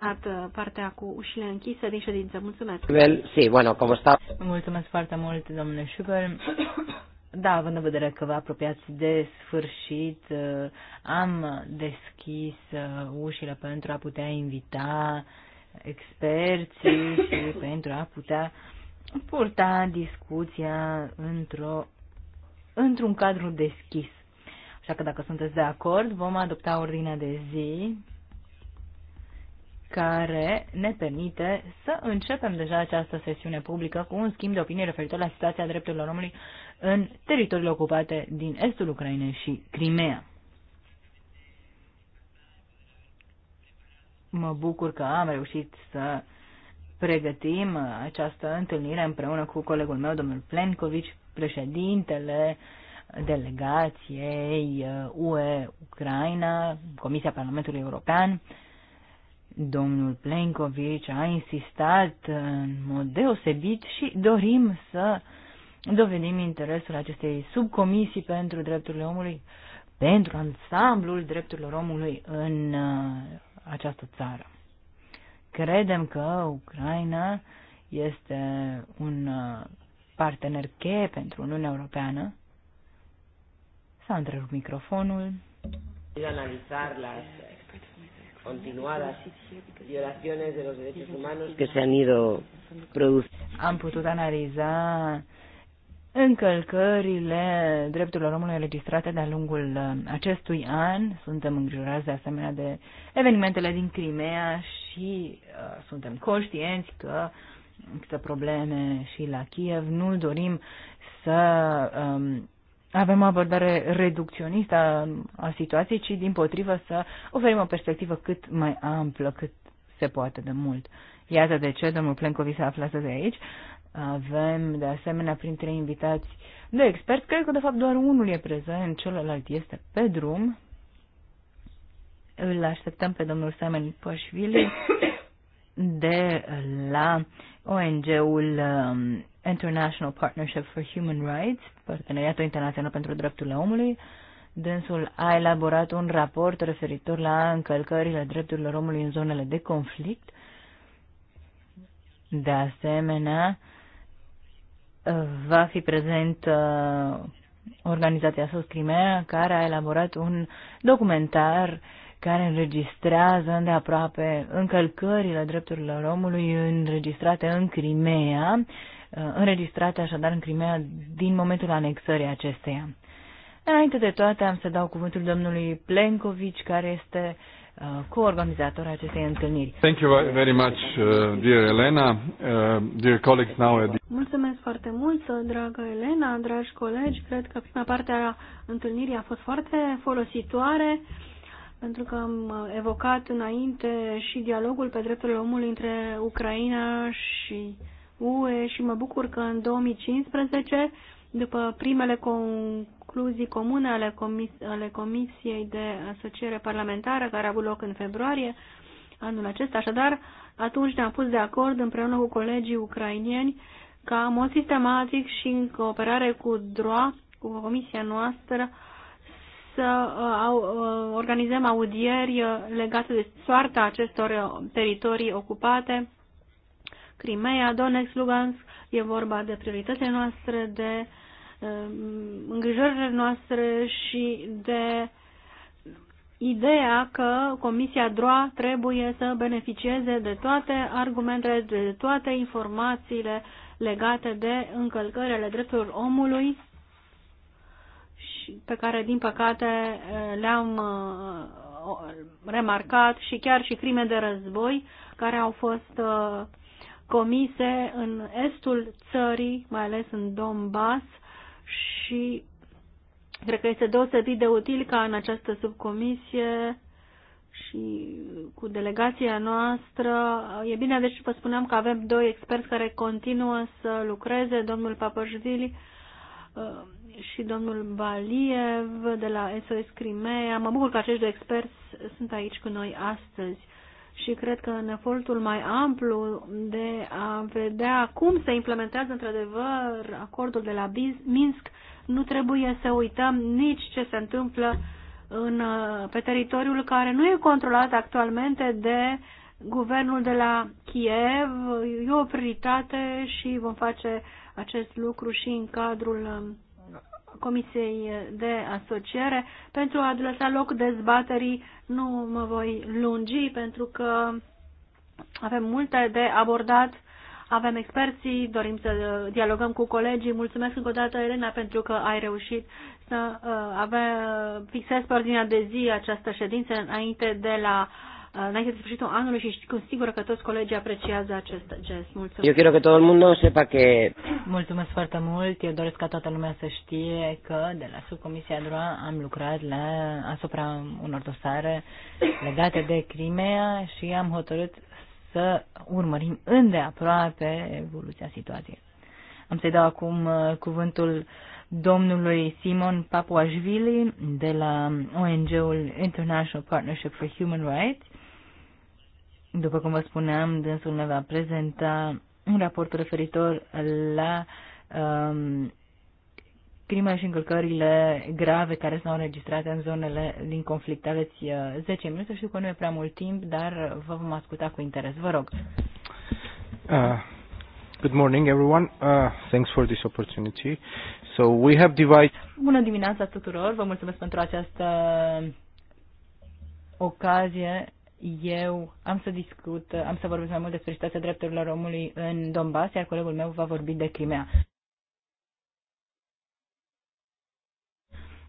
terminat uh, partea cu ușile închise din ședință. Mulțumesc. Well, sí, bueno, como está... Mulțumesc foarte mult, domnule Schubert. Da, având în vedere că vă apropiați de sfârșit, uh, am deschis uh, ușile pentru a putea invita experții și pentru a putea purta discuția într-o, într-un cadru deschis. Așa că dacă sunteți de acord, vom adopta ordinea de zi care ne permite să începem deja această sesiune publică cu un schimb de opinie referitor la situația drepturilor omului în teritoriile ocupate din estul Ucrainei și Crimea. Mă bucur că am reușit să pregătim această întâlnire împreună cu colegul meu, domnul Plenkovici, președintele delegației UE uh, Ucraina, Comisia Parlamentului European, Domnul Plenković a insistat în mod deosebit și dorim să dovedim interesul acestei subcomisii pentru drepturile omului, pentru ansamblul drepturilor omului în uh, această țară. Credem că Ucraina este un uh, partener cheie pentru Uniunea Europeană. S-a întrerupt microfonul. Analizar las continuadas violaciones de los derechos humanos que se han ido produciendo. Am putut analiza încălcările drepturilor omului înregistrate de-a lungul uh, acestui an. Suntem îngrijorați de asemenea de evenimentele din Crimea și uh, suntem conștienți că există probleme și la Kiev. Nu dorim să um, avem o abordare reducționistă a, a situației, ci din potrivă să oferim o perspectivă cât mai amplă, cât se poate de mult. Iată de ce domnul Plencovi se află astăzi aici. Avem, de asemenea, printre invitați de expert. Cred că, de fapt, doar unul e prezent, celălalt este pe drum. Îl așteptăm pe domnul Simon Pășvili de la ONG-ul um, International Partnership for Human Rights, Parteneriatul Internațional pentru Drepturile Omului. Dânsul a elaborat un raport referitor la încălcările drepturilor omului în zonele de conflict. De asemenea, uh, va fi prezent uh, organizația SOS Crimea, care a elaborat un documentar care înregistrează îndeaproape încălcările drepturilor omului înregistrate în Crimea, uh, înregistrate așadar în Crimea din momentul anexării acesteia. Înainte de toate am să dau cuvântul domnului Plenkovici, care este uh, coorganizator acestei întâlniri. Thank you very much, uh, dear Elena, dear colleagues now. Mulțumesc foarte mult, dragă Elena, dragi colegi. Cred că prima parte a întâlnirii a fost foarte folositoare pentru că am evocat înainte și dialogul pe drepturile omului între Ucraina și UE și mă bucur că în 2015, după primele concluzii comune ale, comis ale Comisiei de Asociere Parlamentară, care a avut loc în februarie anul acesta, așadar, atunci ne-am pus de acord împreună cu colegii ucrainieni ca, în mod sistematic și în cooperare cu DROA, cu comisia noastră, să uh, uh, organizăm audieri uh, legate de soarta acestor teritorii ocupate, Crimea, Donetsk, Lugansk, e vorba de prioritățile noastre, de um, îngrijorările noastre și de ideea că Comisia DROA trebuie să beneficieze de toate argumentele, de toate informațiile legate de încălcările drepturilor omului pe care, din păcate, le-am uh, remarcat și chiar și crime de război care au fost uh, comise în estul țării, mai ales în Donbass și cred că este deosebit de util ca în această subcomisie și cu delegația noastră. E bine, deci vă spuneam că avem doi experți care continuă să lucreze, domnul Papășvili Uh, și domnul Baliev de la SOS Crimea. Mă bucur că acești doi experți sunt aici cu noi astăzi și cred că în efortul mai amplu de a vedea cum se implementează într-adevăr acordul de la Minsk, nu trebuie să uităm nici ce se întâmplă în, uh, pe teritoriul care nu e controlat actualmente de guvernul de la Kiev. E o prioritate și vom face uh, acest lucru și în cadrul um, Comisiei de Asociere. Pentru a lăsa loc dezbaterii nu mă voi lungi pentru că avem multe de abordat, avem experții, dorim să uh, dialogăm cu colegii. Mulțumesc încă o dată, Elena, pentru că ai reușit să uh, avem, fixez pe ordinea de zi această ședință înainte de la uh, Uh, înainte de sfârșitul anului și știu cu sigură că toți colegii apreciază acest gest. Mulțumesc. Eu quiero que todo el mundo sepa que... Mulțumesc foarte mult. Eu doresc ca toată lumea să știe că de la subcomisia DROA am lucrat la, asupra unor dosare legate de Crimea și am hotărât să urmărim îndeaproape evoluția situației. Am să-i dau acum uh, cuvântul domnului Simon Papuashvili de la ONG-ul International Partnership for Human Rights după cum vă spuneam, dânsul ne va prezenta un raport referitor la um, crime și încălcările grave care s-au înregistrat în zonele din conflict. Aveți 10 uh, minute, știu că nu e prea mult timp, dar vă vom asculta cu interes. Vă rog. Uh, good morning, everyone. Uh, thanks for this opportunity. So we have divided. Bună dimineața tuturor. Vă mulțumesc pentru această ocazie eu am să discut, am să vorbesc mai mult despre situația drepturilor omului în Donbass, iar colegul meu va vorbi de Crimea.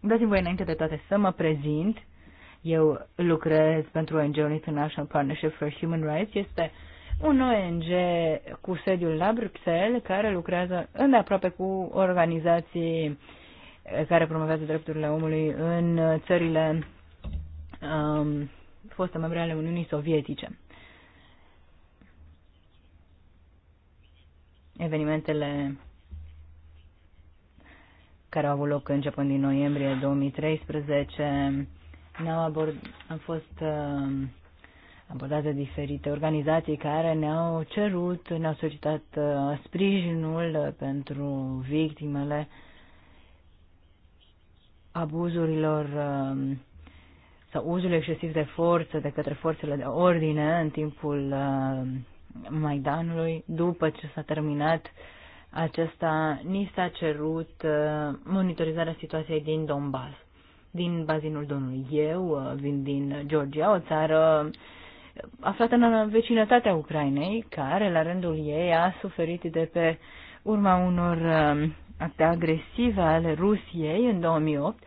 Dați-mi voi înainte de toate să mă prezint. Eu lucrez pentru ONG-ul International Partnership for Human Rights. Este un ONG cu sediul la Bruxelles care lucrează îndeaproape cu organizații care promovează drepturile omului în țările um, foste membre ale Uniunii Sovietice. Evenimentele care au avut loc începând din noiembrie 2013 ne-au abord, am fost uh, abordate diferite organizații care ne-au cerut, ne-au solicitat uh, sprijinul pentru victimele abuzurilor uh, sau uzul excesiv de forță de către forțele de ordine în timpul uh, Maidanului, după ce s-a terminat acesta, ni s-a cerut uh, monitorizarea situației din Donbass, din bazinul Donului. Eu uh, vin din Georgia, o țară aflată în vecinătatea Ucrainei, care, la rândul ei, a suferit de pe urma unor acte agresive ale Rusiei în 2008,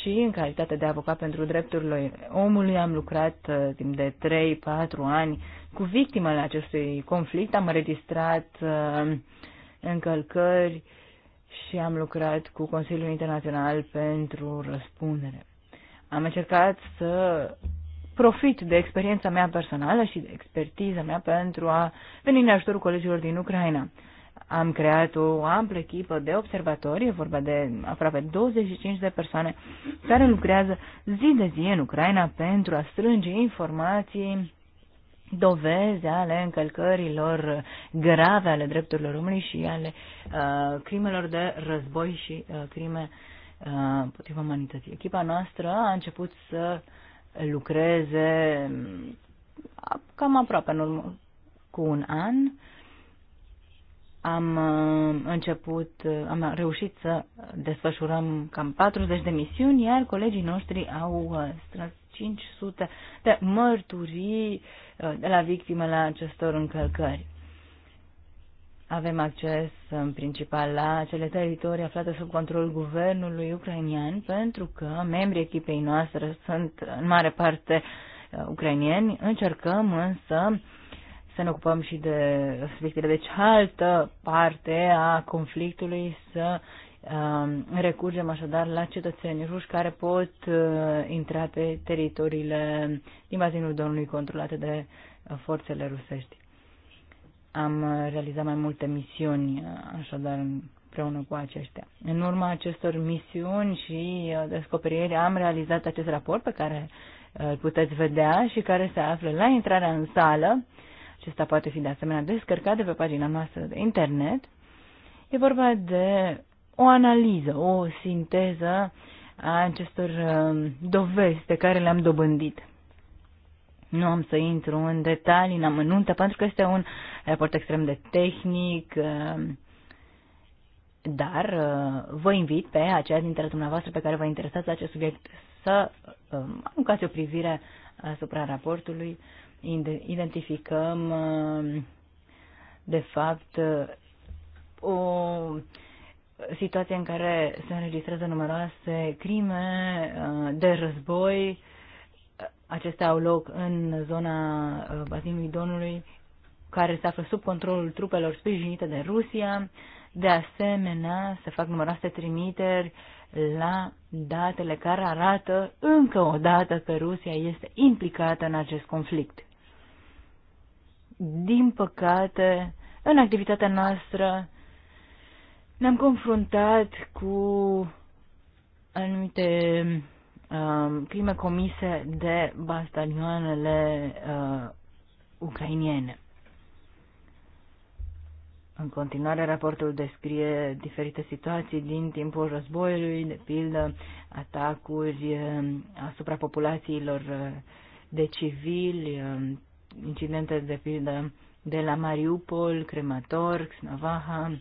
și în calitate de avocat pentru drepturile omului am lucrat uh, timp de 3-4 ani cu victimele acestui conflict, am registrat uh, încălcări și am lucrat cu Consiliul Internațional pentru Răspundere. Am încercat să profit de experiența mea personală și de expertiza mea pentru a veni în ajutorul colegilor din Ucraina. Am creat o amplă echipă de observatori, e vorba de aproape 25 de persoane care lucrează zi de zi în Ucraina pentru a strânge informații, doveze ale încălcărilor grave ale drepturilor omului și ale uh, crimelor de război și uh, crime uh, împotriva uh, umanității. Echipa noastră a început să lucreze mm, cam aproape în urmă cu un an uh, am uh, început, uh, am reușit să desfășurăm cam 40 de misiuni, iar colegii noștri au uh, strâns 500 de mărturii de la victimele acestor încălcări. Avem acces în principal la cele teritorii aflate sub controlul guvernului ucrainian, pentru că membrii echipei noastre sunt în mare parte ucrainieni. Încercăm însă uh, să ne ocupăm și de subiectele. Deci, altă parte a conflictului să um, recurgem așadar la cetățeni ruși care pot uh, intra pe teritoriile din bazinul controlate de uh, forțele rusești. Am uh, realizat mai multe misiuni, așadar, împreună cu aceștia. În urma acestor misiuni și descoperiri am realizat acest raport pe care îl puteți vedea și care se află la intrarea în sală. Acesta poate fi de asemenea descărcat de pe pagina noastră de internet. E vorba de o analiză, o sinteză a acestor um, dovezi pe care le-am dobândit. Nu am să intru în detalii, în amănunte, pentru că este un raport extrem de tehnic, um, dar uh, vă invit pe aceia dintre dumneavoastră pe care vă interesați acest subiect să um, aruncați o privire asupra raportului identificăm, uh, de fapt, uh, o situație în care se înregistrează numeroase crime uh, de război. Acestea au loc în zona bazinului Donului, care se află sub controlul trupelor sprijinite de Rusia. De asemenea, se fac numeroase trimiteri uh, la datele care arată încă o dată că Rusia este implicată în acest conflict. Din păcate, în activitatea noastră ne-am confruntat cu anumite um, crime comise de bastalioanele uh, ucrainiene. În continuare, raportul descrie diferite situații din timpul războiului, de pildă atacuri eh, asupra populațiilor eh, de civili, eh, incidente de pildă de la Mariupol, Cremator, Xnavaha.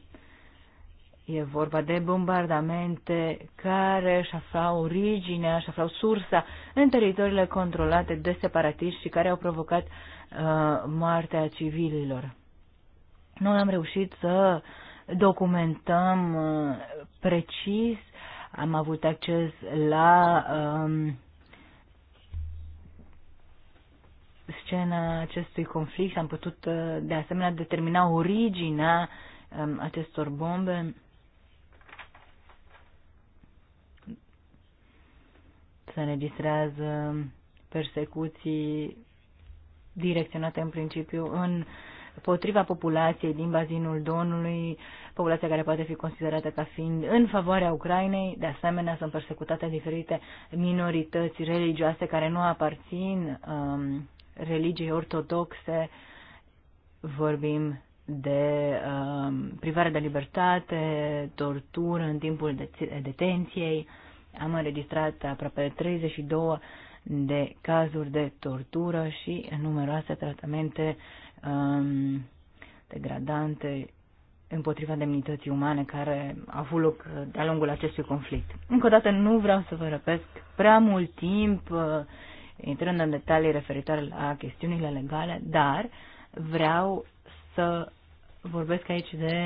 E vorba de bombardamente care își aflau originea, își aflau sursa în teritoriile controlate de separatiști și care au provocat uh, moartea civililor noi am reușit să documentăm uh, precis, am avut acces la um, scena acestui conflict, am putut uh, de asemenea determina originea um, acestor bombe. Se înregistrează persecuții direcționate în principiu în uh, potriva populației din bazinul Donului, populația care poate fi considerată ca fiind în favoarea Ucrainei. De asemenea, sunt persecutate diferite minorități religioase care nu aparțin um, religiei ortodoxe. Vorbim de um, privare de libertate, tortură în timpul de- detenției. Am înregistrat aproape 32 de cazuri de tortură și numeroase tratamente um, degradante împotriva demnității umane care a avut loc uh, de-a lungul acestui conflict. Încă o dată nu vreau să vă răpesc prea mult timp uh, intrând în detalii referitoare la chestiunile legale, dar vreau să vorbesc aici de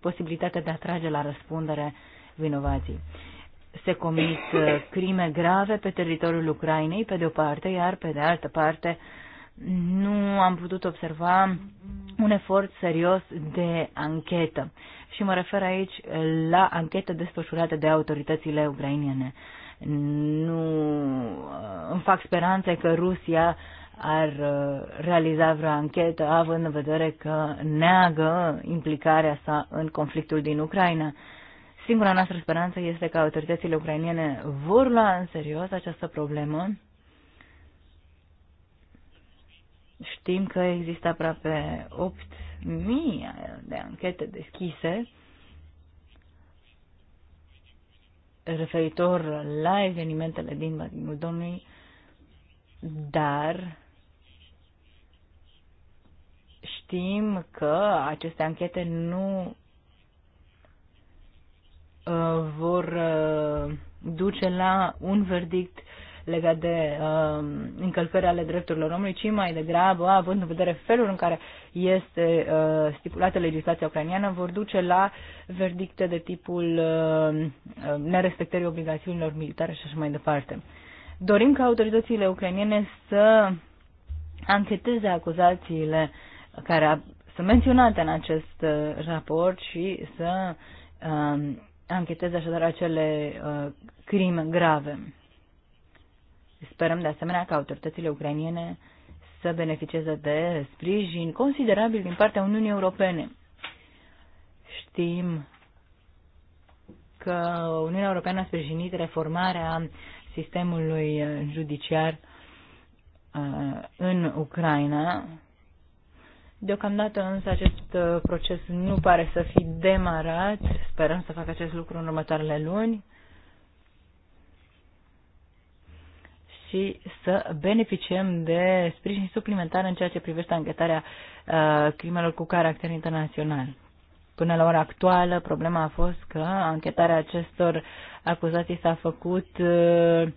posibilitatea de a trage la răspundere vinovații. Se comit uh, crime grave pe teritoriul Ucrainei, pe de o parte, iar pe de altă parte nu am putut observa un efort serios de anchetă. Și mă refer aici la anchetă desfășurată de autoritățile ucrainiene. Nu uh, îmi fac speranțe că Rusia ar uh, realiza vreo anchetă, având în vedere că neagă implicarea sa în conflictul din Ucraina. Singura noastră speranță este că autoritățile ucrainiene vor lua în serios această problemă Știm că există aproape 8.000 de anchete deschise referitor la evenimentele din Vatinul Domnului, dar știm că aceste anchete nu uh, vor uh, duce la un verdict legat de uh, încălcări ale drepturilor omului, ci mai degrabă, având în vedere felul în care este uh, stipulată legislația ucraniană, vor duce la verdicte de tipul uh, nerespectării obligațiunilor militare și așa mai departe. Dorim ca autoritățile ucrainiene să ancheteze acuzațiile care sunt menționate în acest uh, raport și să uh, ancheteze așadar acele uh, crime grave. Sperăm de asemenea ca autoritățile ucrainiene să beneficieze de sprijin considerabil din partea Uniunii Europene. Știm că Uniunea Europeană a sprijinit reformarea sistemului judiciar uh, în Ucraina. Deocamdată însă acest uh, proces nu pare să fi demarat. Sperăm să facă acest lucru în următoarele luni. și să beneficiem de sprijin suplimentar în ceea ce privește anchetarea uh, crimelor cu caracter internațional. Până la ora actuală, problema a fost că anchetarea acestor acuzații s-a făcut uh,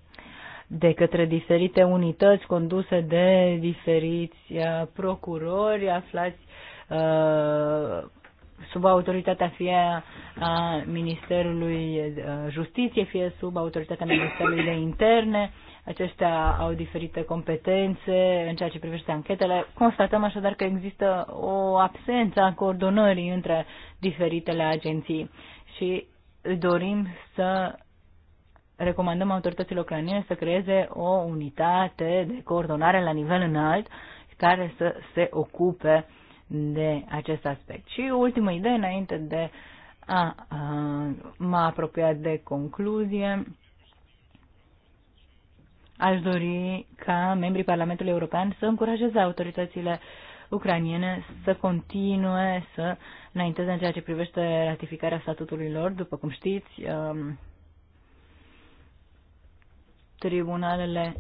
de către diferite unități conduse de diferiți uh, procurori aflați sub autoritatea fie a Ministerului Justiție, fie sub autoritatea Ministerului de Interne. Uh, Acestea au diferite competențe în ceea ce privește anchetele. Constatăm așadar că există o absență a coordonării între diferitele agenții și dorim să recomandăm autorităților ucraniene să creeze o unitate de coordonare la nivel înalt care să se ocupe de acest aspect. Și ultima idee înainte de a, a mă apropia de concluzie Aș dori ca membrii Parlamentului European să încurajeze autoritățile ucraniene să continue să înainteze în ceea ce privește ratificarea statutului lor. După cum știți, um, tribunalele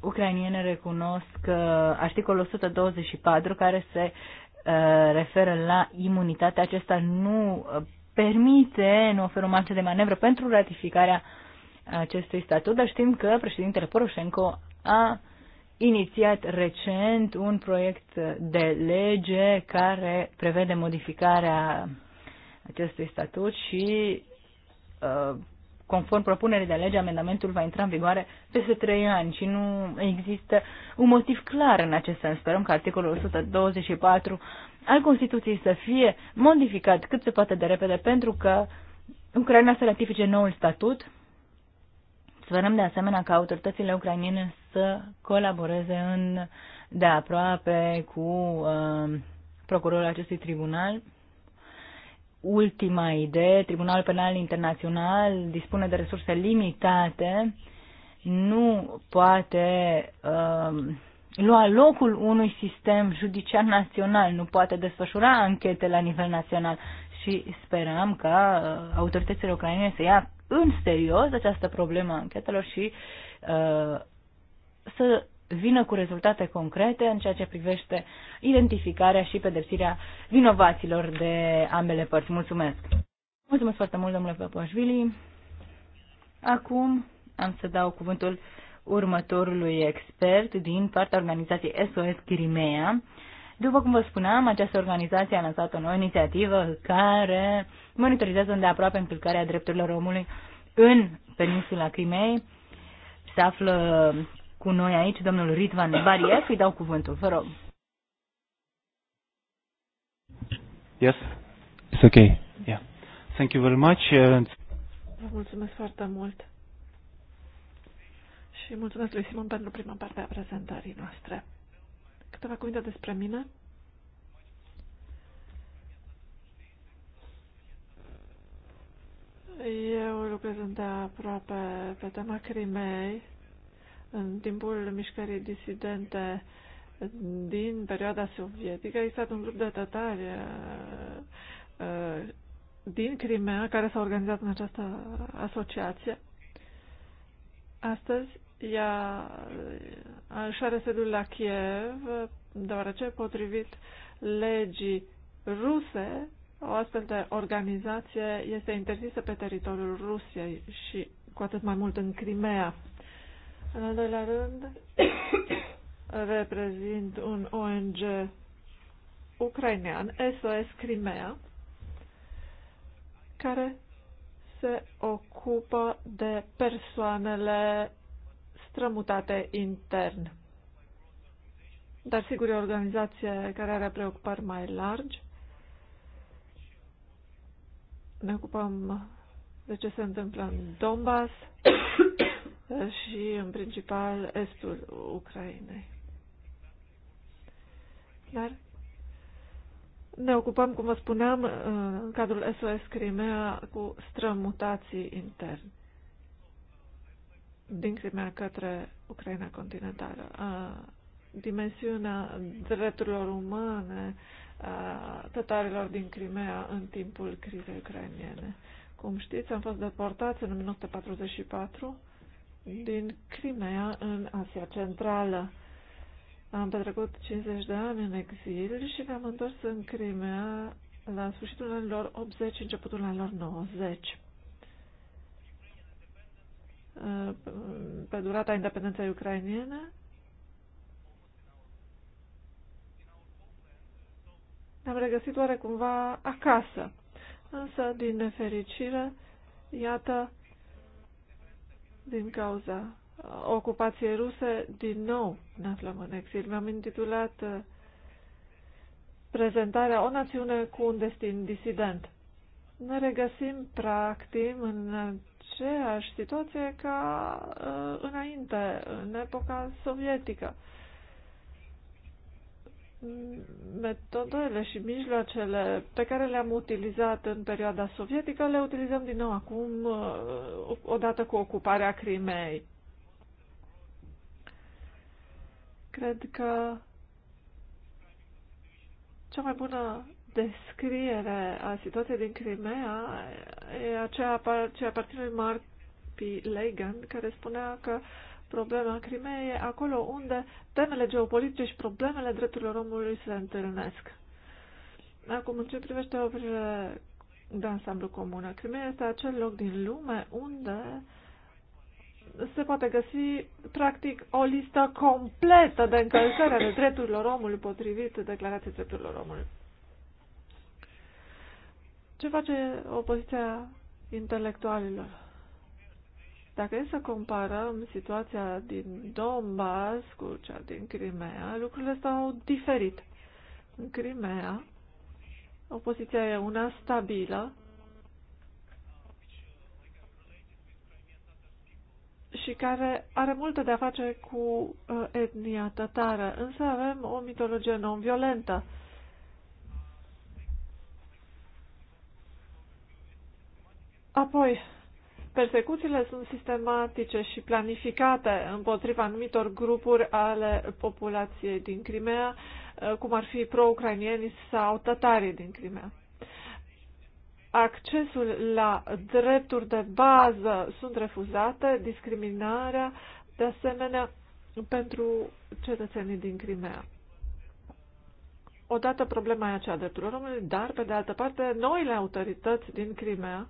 ucrainiene recunosc uh, articolul 124 care se uh, referă la imunitate. Acesta nu uh, permite, nu oferă marge de manevră pentru ratificarea uh, acestui statut, dar știm că președintele Poroșenko a inițiat recent un proiect de lege care prevede modificarea acestui statut și uh, conform propunerii de lege, amendamentul va intra în vigoare peste trei ani și nu există un motiv clar în acest sens. Sperăm că articolul 124 al Constituției să fie modificat cât se poate de repede pentru că Ucraina să ratifice noul statut Sperăm de asemenea ca autoritățile ucrainene să colaboreze în de aproape cu uh, procurorul acestui tribunal. Ultima idee, Tribunalul Penal Internațional dispune de resurse limitate, nu poate uh, lua locul unui sistem judiciar național, nu poate desfășura anchete la nivel național și sperăm ca uh, autoritățile ucrainene să ia în serios această problemă a anchetelor și uh, să vină cu rezultate concrete în ceea ce privește identificarea și pedepsirea vinovaților de ambele părți. Mulțumesc! Mulțumesc foarte mult, domnule Păpoșvili. Acum am să dau cuvântul următorului expert din partea organizației SOS Crimea. După cum vă spuneam, această organizație a lansat o nouă inițiativă care monitorizează îndeaproape încălcarea drepturilor omului în peninsula Crimei. Se află cu noi aici domnul Ritvan Bariev. Îi dau cuvântul, vă rog. Yes, it's okay. Yeah. Thank you very much. Uh, vă mulțumesc foarte mult. Și mulțumesc lui Simon pentru prima parte a prezentării noastre. Câteva cuvinte despre mine. Eu lucrez aproape pe tema crimei în timpul mișcării disidente din perioada sovietică. A existat un grup de tătari uh, uh, din Crimea care s-a organizat în această asociație. Astăzi ea își are sediul la Kiev, deoarece, potrivit legii ruse, o astfel de organizație este interzisă pe teritoriul Rusiei și cu atât mai mult în Crimea. În al doilea rând, reprezint un ONG ucrainean, SOS Crimea, care se ocupă de persoanele strămutate intern. Dar sigur e o organizație care are preocupări mai largi. Ne ocupăm de ce se întâmplă în Donbass și în principal estul Ucrainei. Dar ne ocupăm, cum vă spuneam, în cadrul SOS Crimea cu strămutații interni din Crimea către Ucraina continentală. Dimensiunea drepturilor umane a tătarilor din Crimea în timpul crizei ucrainiene. Cum știți, am fost deportați în 1944 din Crimea în Asia Centrală. Am petrecut 50 de ani în exil și ne-am întors în Crimea la sfârșitul anilor 80 începutul anilor 90. Uh, pe durata independenței ucrainiene. Ne-am regăsit oarecumva acasă, însă, din nefericire, iată, din cauza ocupației ruse, din nou ne aflăm în exil. Mi-am intitulat uh, prezentarea O națiune cu un destin disident. Ne regăsim, practic, în aceeași situație ca uh, înainte, în epoca sovietică. Metodele și mijloacele pe care le-am utilizat în perioada sovietică le utilizăm din nou acum, uh, odată cu ocuparea Crimei. Cred că cea mai bună descriere a situației din Crimea e aceea ce aparține P. Legan, care spunea că problema Crimeei e acolo unde temele geopolitice și problemele drepturilor omului se întâlnesc. Acum, în ce privește oprile de ansamblu comună, Crimea este acel loc din lume unde se poate găsi, practic, o listă completă de încălcări ale drepturilor omului potrivit Declarației Drepturilor Omului. Ce face opoziția intelectualilor? Dacă e să comparăm situația din Donbass cu cea din Crimea, lucrurile stau diferit. În Crimea, opoziția e una stabilă și care are multe de a face cu uh, etnia tătară, însă avem o mitologie non-violentă Apoi, persecuțiile sunt sistematice și planificate împotriva anumitor grupuri ale populației din Crimea, eh, cum ar fi pro ucrainieni sau tatarii din Crimea. Accesul la drepturi de bază sunt refuzate, discriminarea, de asemenea, pentru cetățenii din Crimea. Odată problema e aceea drepturilor omului, dar, pe de altă parte, noile autorități din Crimea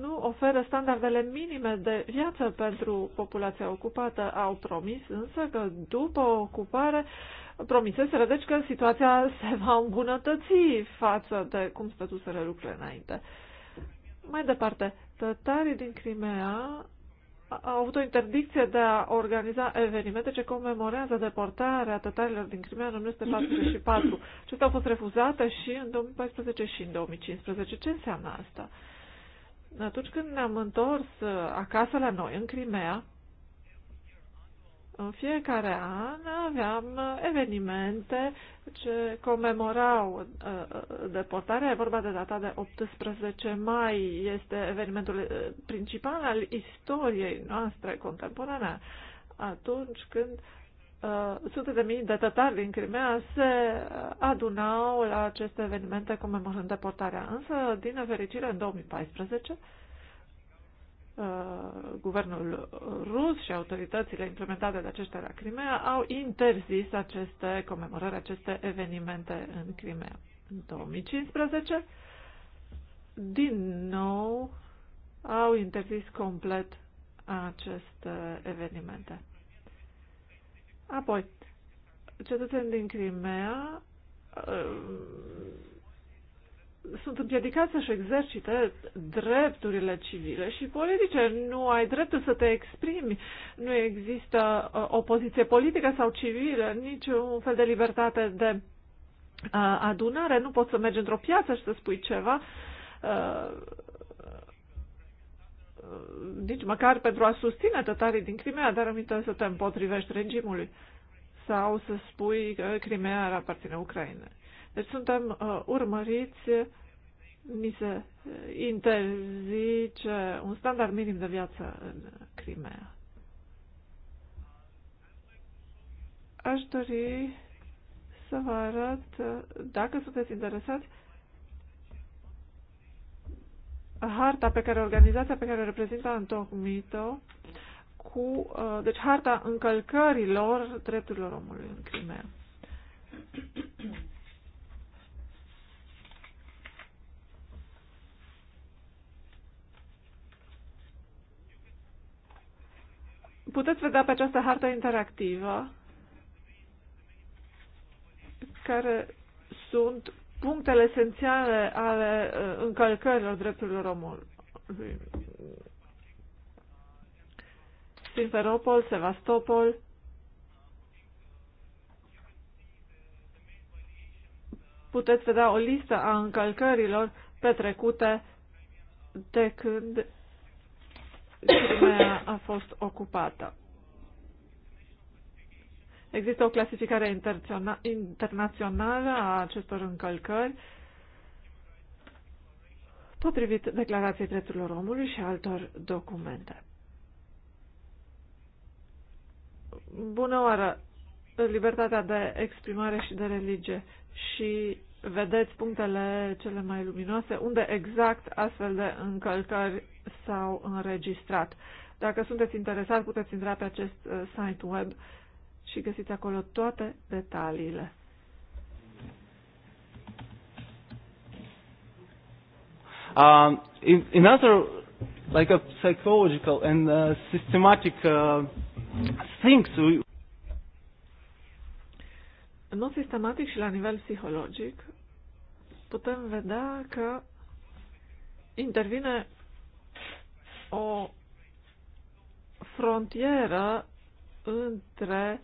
nu oferă standardele minime de viață pentru populația ocupată. Au promis însă că după ocupare promiseseră deci că situația se va îmbunătăți față de cum stătuseră lucrurile înainte. Mai departe, tătarii din Crimea au avut o interdicție de a organiza evenimente ce comemorează deportarea tătarilor din Crimea în 1944. Acestea au fost refuzate și în 2014 și în 2015. Ce înseamnă asta? Atunci când ne-am întors uh, acasă la noi, în Crimea, în fiecare an aveam uh, evenimente ce comemorau uh, deportarea. E vorba de data de 18 mai. Este evenimentul principal al istoriei noastre contemporane. Atunci când uh, uh, sute de mii de tătari din Crimea se uh, adunau la aceste evenimente comemorând deportarea. Însă, din nefericire, în 2014, uh, guvernul rus și autoritățile implementate de aceștia la Crimea au interzis aceste comemorări, aceste evenimente în Crimea. În 2015, din nou, au interzis complet aceste evenimente. Apoi, cetățenii din Crimea uh, sunt împiedicați să-și exercite drepturile civile și politice. Nu ai dreptul să te exprimi, nu există uh, opoziție politică sau civilă, nici un fel de libertate de uh, adunare, nu poți să mergi într-o piață și să spui ceva nici măcar pentru a susține tătarii din Crimea, dar aminte să te împotrivești regimului sau să spui că Crimea ar aparține Ucrainei. Deci suntem uh, urmăriți, ni se uh, interzice un standard minim de viață în Crimea. Aș dori să vă arăt, uh, dacă sunteți interesați, harta pe care organizația pe care o reprezintă a întocmit-o cu, uh, deci harta încălcărilor drepturilor omului în Crimea. Puteți vedea pe această hartă interactivă care sunt punctele esențiale ale uh, încălcărilor drepturilor omului. Simferopol, Sevastopol, puteți vedea o listă a încălcărilor petrecute de când Crimea a fost ocupată. Există o clasificare internațională a acestor încălcări potrivit Declarației Drepturilor Omului și altor documente. Bună oară! Libertatea de exprimare și de religie și vedeți punctele cele mai luminoase unde exact astfel de încălcări s-au înregistrat. Dacă sunteți interesat, puteți intra pe acest uh, site web și găsiți acolo toate detaliile. Um, in, in like a psychological and uh, systematic uh, things. We... În mod sistematic și la nivel psihologic, putem vedea că intervine o frontieră între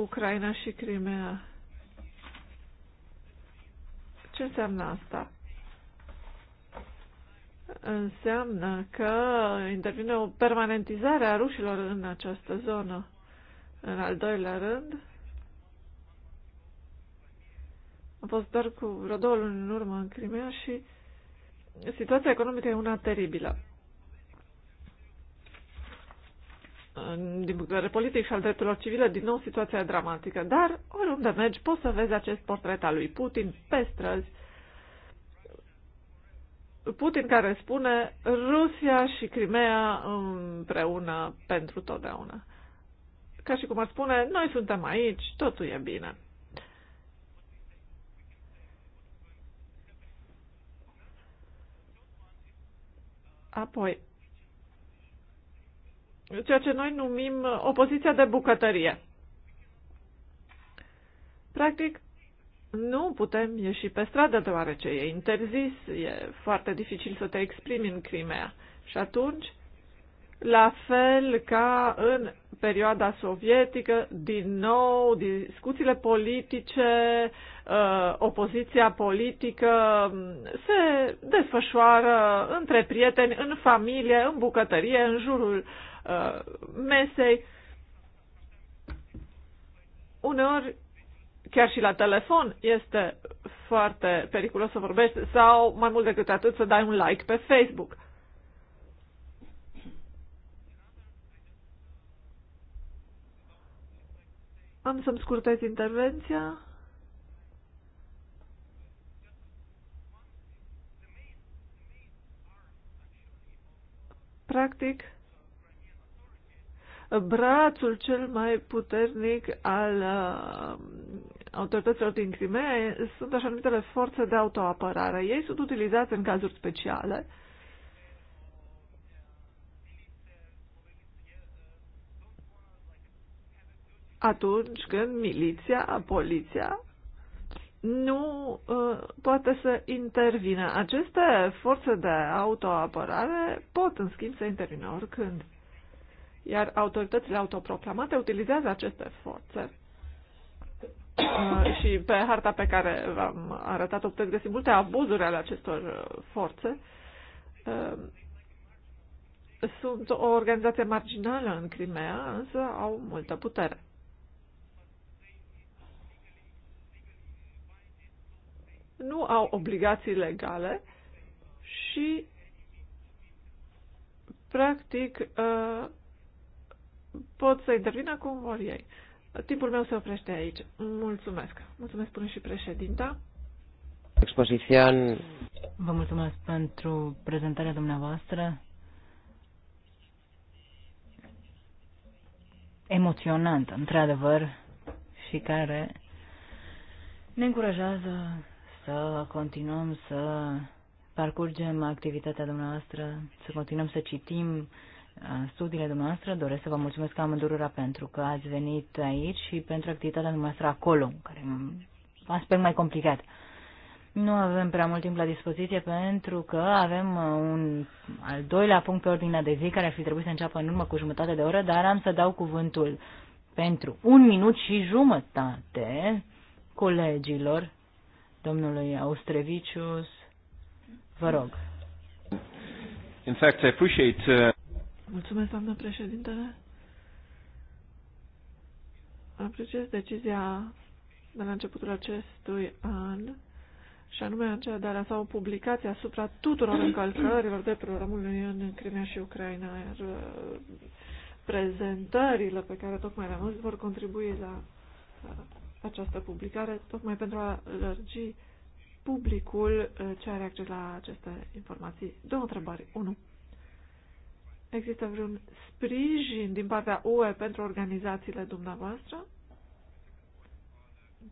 Ucraina și Crimea. Ce înseamnă asta? Înseamnă că intervine o permanentizare a rușilor în această zonă. În al doilea rând, am fost doar cu vreo două luni în urmă în Crimea și situația economică e una teribilă. din punct de vedere politic și al drepturilor civile, din nou situația e dramatică, dar oriunde mergi poți să vezi acest portret al lui Putin pe străzi. Putin care spune Rusia și Crimea împreună pentru totdeauna. Ca și cum ar spune, noi suntem aici, totul e bine. Apoi, ceea ce noi numim uh, opoziția de bucătărie. Practic, nu putem ieși pe stradă deoarece e interzis, e foarte dificil să te exprimi în Crimea. Și atunci, la fel ca în perioada sovietică, din nou discuțiile politice, uh, opoziția politică mm, se desfășoară între prieteni, în familie, în bucătărie, în jurul Uh, mesei, uneori chiar și la telefon este foarte periculos să vorbești sau mai mult decât atât să dai un like pe Facebook. Am să-mi scurtez intervenția. Practic, brațul cel mai puternic al uh, autorităților din Crimea sunt așa numitele forțe de autoapărare. Ei sunt utilizați în cazuri speciale. Atunci când miliția, poliția nu uh, poate să intervină. Aceste forțe de autoapărare pot, în schimb, să intervină oricând. Iar autoritățile autoproclamate utilizează aceste forțe. Uh, și pe harta pe care v-am arătat-o puteți găsi multe abuzuri ale acestor uh, forțe. Uh, sunt o organizație marginală în Crimea, însă au multă putere. Nu au obligații legale și practic pot să intervină cum vor ei. Timpul meu se oprește aici. Mulțumesc. Mulțumesc până și președinta. Expozițian. Vă mulțumesc pentru prezentarea dumneavoastră. Emoționant, într-adevăr, și care ne încurajează să continuăm să parcurgem activitatea dumneavoastră, să continuăm să citim studiile dumneavoastră. Doresc să vă mulțumesc amândurora pentru că ați venit aici și pentru activitatea dumneavoastră acolo, care e un aspect mai complicat. Nu avem prea mult timp la dispoziție pentru că avem uh, un al doilea punct pe ordinea de zi care ar fi trebuit să înceapă în urmă cu jumătate de oră, dar am să dau cuvântul pentru un minut și jumătate colegilor domnului Austrevicius. Vă rog. In fact, I appreciate uh... Mulțumesc, doamnă președintele. Apreciez decizia de la începutul acestui an și anume aceea de a lăsa o publicație asupra tuturor încălcărilor de programului în Crimea și Ucraina, iar uh, prezentările pe care tocmai le-am văzut vor contribui la uh, această publicare, tocmai pentru a lărgi publicul uh, ce are acces la aceste informații. Două întrebări. unu. Există vreun sprijin din partea UE pentru organizațiile dumneavoastră?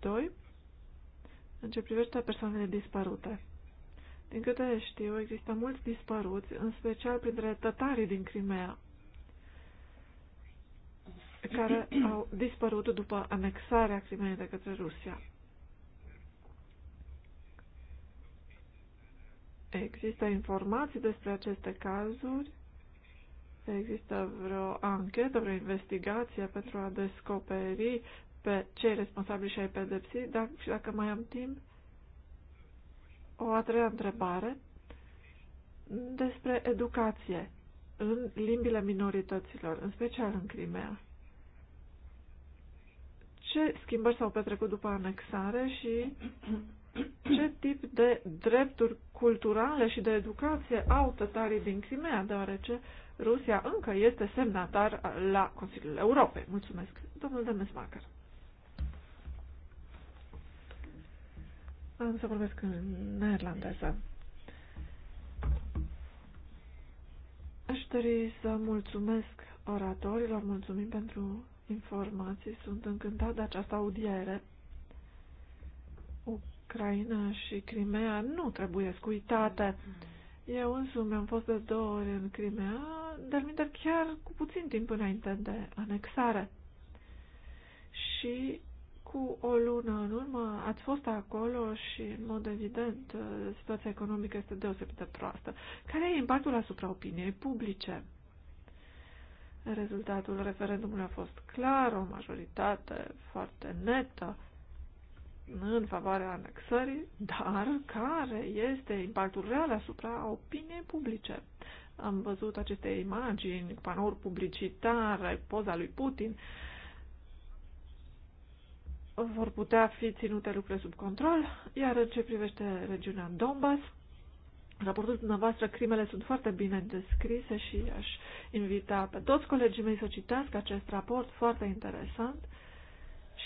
2. În ce privește persoanele dispărute. Din câte știu, există mulți dispăruți, în special printre tătarii din Crimea, care au dispărut după anexarea Crimeei de către Rusia. Există informații despre aceste cazuri Există vreo anchetă, vreo investigație pentru a descoperi pe cei responsabili și ai pedepsi? Dacă, și dacă mai am timp, o a treia întrebare despre educație în limbile minorităților, în special în Crimea. Ce schimbări s-au petrecut după anexare și ce tip de drepturi culturale și de educație au tătarii din Crimea, deoarece Rusia încă este semnatar la Consiliul Europei. Mulțumesc, domnul Demesmacher. Am să vorbesc în neerlandeză. Aș dori să mulțumesc oratorilor, mulțumim pentru informații, sunt încântat de această audiere. Ucraina și Crimea nu trebuie scuitate. Eu însumi am fost de două ori în Crimea, dar chiar cu puțin timp înainte de anexare. Și cu o lună în urmă ați fost acolo și, în mod evident, situația economică este deosebit de proastă. Care e impactul asupra opiniei publice? Rezultatul referendumului a fost clar, o majoritate foarte netă în favoarea anexării, dar care este impactul real asupra opiniei publice. Am văzut aceste imagini, panouri publicitare, poza lui Putin. Vor putea fi ținute lucrurile sub control, iar în ce privește regiunea Donbass, raportul dumneavoastră, crimele sunt foarte bine descrise și aș invita pe toți colegii mei să citească acest raport foarte interesant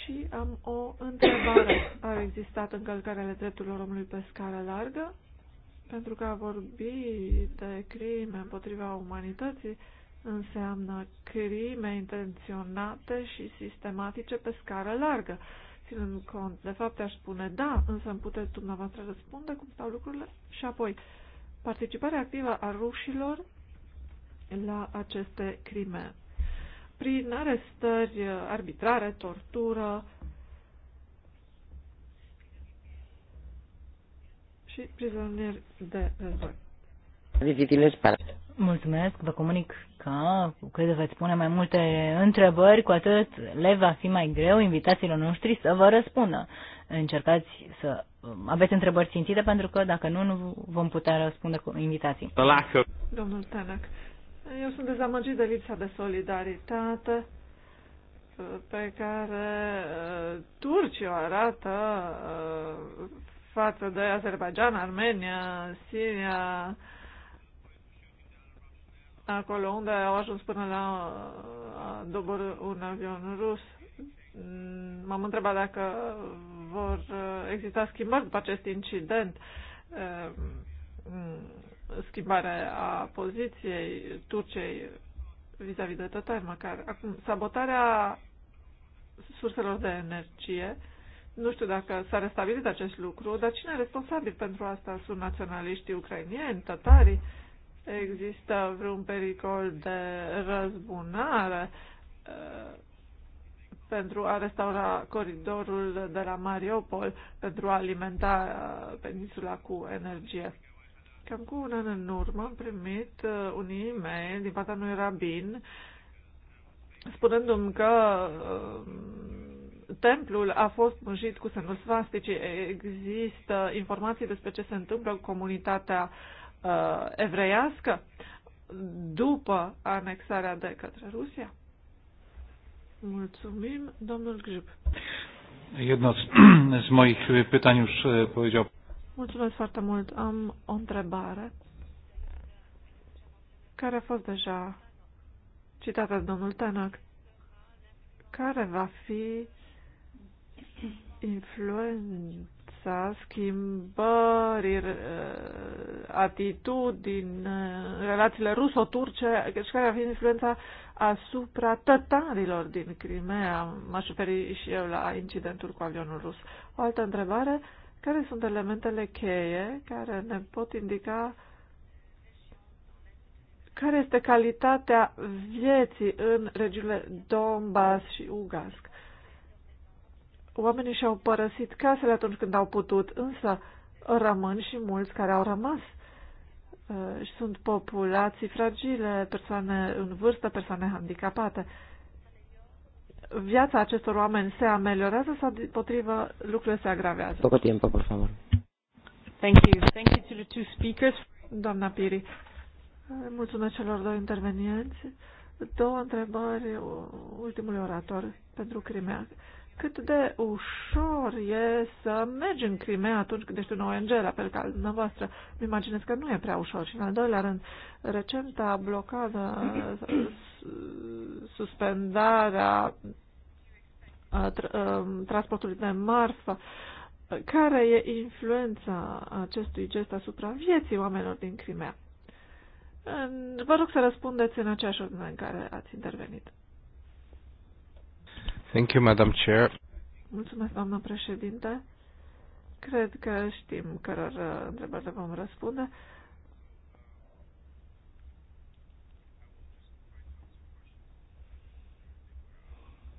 și am o întrebare. Au existat încălcările drepturilor omului pe scară largă? Pentru că a vorbi de crime împotriva umanității înseamnă crime intenționate și sistematice pe scară largă. Ținând cont, de fapt, aș spune da, însă îmi puteți dumneavoastră răspunde cum stau lucrurile. Și apoi, participarea activă a rușilor la aceste crime prin arestări arbitrare, tortură și prizonieri de război. Mulțumesc, vă comunic că cu cât veți pune mai multe întrebări, cu atât le va fi mai greu invitațiilor noștri să vă răspundă. Încercați să aveți întrebări țintite, pentru că dacă nu, nu vom putea răspunde cu invitații. Domnul Tanac, eu sunt dezamăgit de lipsa de solidaritate uh, pe care uh, Turcia o arată uh, față de Azerbaijan, Armenia, Siria, acolo unde au ajuns până la dobor un avion rus. Mm, m-am întrebat dacă vor exista schimbări după acest incident mm, schimbare a poziției Turciei vis-a-vis -vis de Tatar, măcar. Acum, sabotarea surselor de energie, nu știu dacă s-a restabilit acest lucru, dar cine e responsabil pentru asta? Sunt naționaliștii ucrainieni, tătarii? Există vreun pericol de răzbunare uh, pentru a restaura coridorul de la Mariupol, pentru a alimenta uh, peninsula cu energie? Cam cu un an în urmă am primit uh, un e-mail din partea unui rabin spunându-mi că uh, templul a fost mânjit cu semnul svasticii. Există informații despre ce se întâmplă cu comunitatea uh, evreiască după anexarea de către Rusia? Mulțumim, domnul Grzyb. Jedno z, z moich pytań już powiedział. Mulțumesc foarte mult. Am o întrebare care a fost deja citată de domnul Tanak. Care va fi influența schimbării uh, atitudini, uh, relațiile ruso-turce, deci care va fi influența asupra tătarilor din Crimea? M-aș referi și eu la incidentul cu avionul rus. O altă întrebare care sunt elementele cheie care ne pot indica care este calitatea vieții în regiunile Donbass și Ugansk? Oamenii și-au părăsit casele atunci când au putut, însă rămân și mulți care au rămas. Uh, sunt populații fragile, persoane în vârstă, persoane handicapate viața acestor oameni se ameliorează sau, potrivă, lucrurile se agravează? Poco tiempo, por favor. Thank you. Thank you to the two speakers. Doamna Piri, mulțumesc celor doi intervenienți. Două întrebări ultimului orator pentru Crimea cât de ușor e să mergi în Crimea atunci când ești un ONG, la fel ca al dumneavoastră. Îmi imaginez că nu e prea ușor. Și în al doilea rând, recenta blocadă, suspendarea transportului de marfă, care e influența acestui gest asupra vieții oamenilor din Crimea? Vă rog să răspundeți în aceeași ordine în care ați intervenit. Thank you, Madam Chair. Mulțumesc, doamnă președinte. Cred că știm căror uh, întrebări vom răspunde.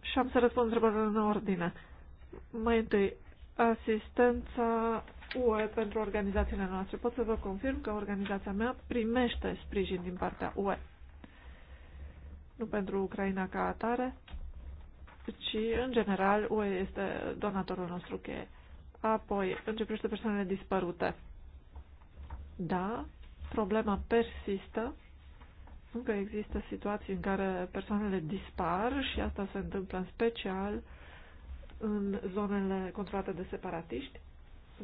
Și am să răspund întrebările în ordine. Mai întâi, asistența UE pentru organizațiile noastre. Pot să vă confirm că organizația mea primește sprijin din partea UE. Nu pentru Ucraina ca atare, ci, în general, UE este donatorul nostru cheie. Apoi, începește persoanele dispărute. Da, problema persistă. Încă există situații în care persoanele dispar și asta se întâmplă în special în zonele controlate de separatiști,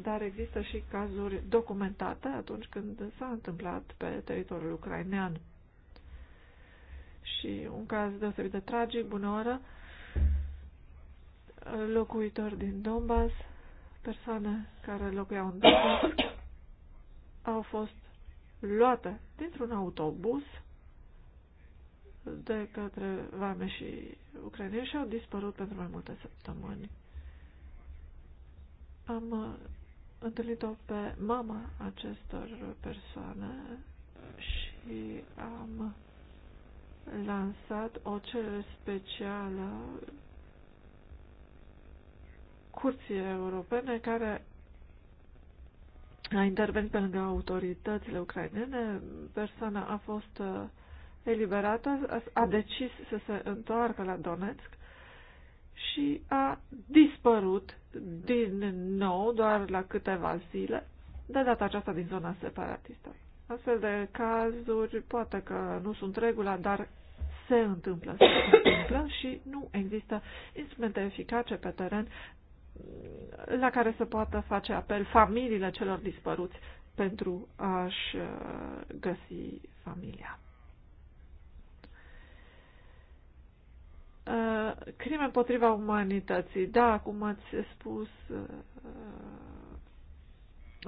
dar există și cazuri documentate atunci când s-a întâmplat pe teritoriul ucrainean. Și un caz deosebit de tragic, bună oră, locuitor din Donbass, persoane care locuiau în Donbass, au fost luate dintr-un autobuz de către vame și ucrainieni și au dispărut pentru mai multe săptămâni. Am uh, întâlnit-o pe mama acestor persoane și am lansat o cerere specială Curții Europene care a intervenit pe lângă autoritățile ucrainene. Persoana a fost uh, eliberată, a decis să se întoarcă la Donetsk și a dispărut din nou doar la câteva zile, de data aceasta din zona separatistă. Astfel de cazuri poate că nu sunt regula, dar se întâmplă, se întâmplă și nu există instrumente eficace pe teren la care se poată face apel familiile celor dispăruți pentru a-și uh, găsi familia. Uh, crime împotriva umanității. Da, cum ați spus, uh,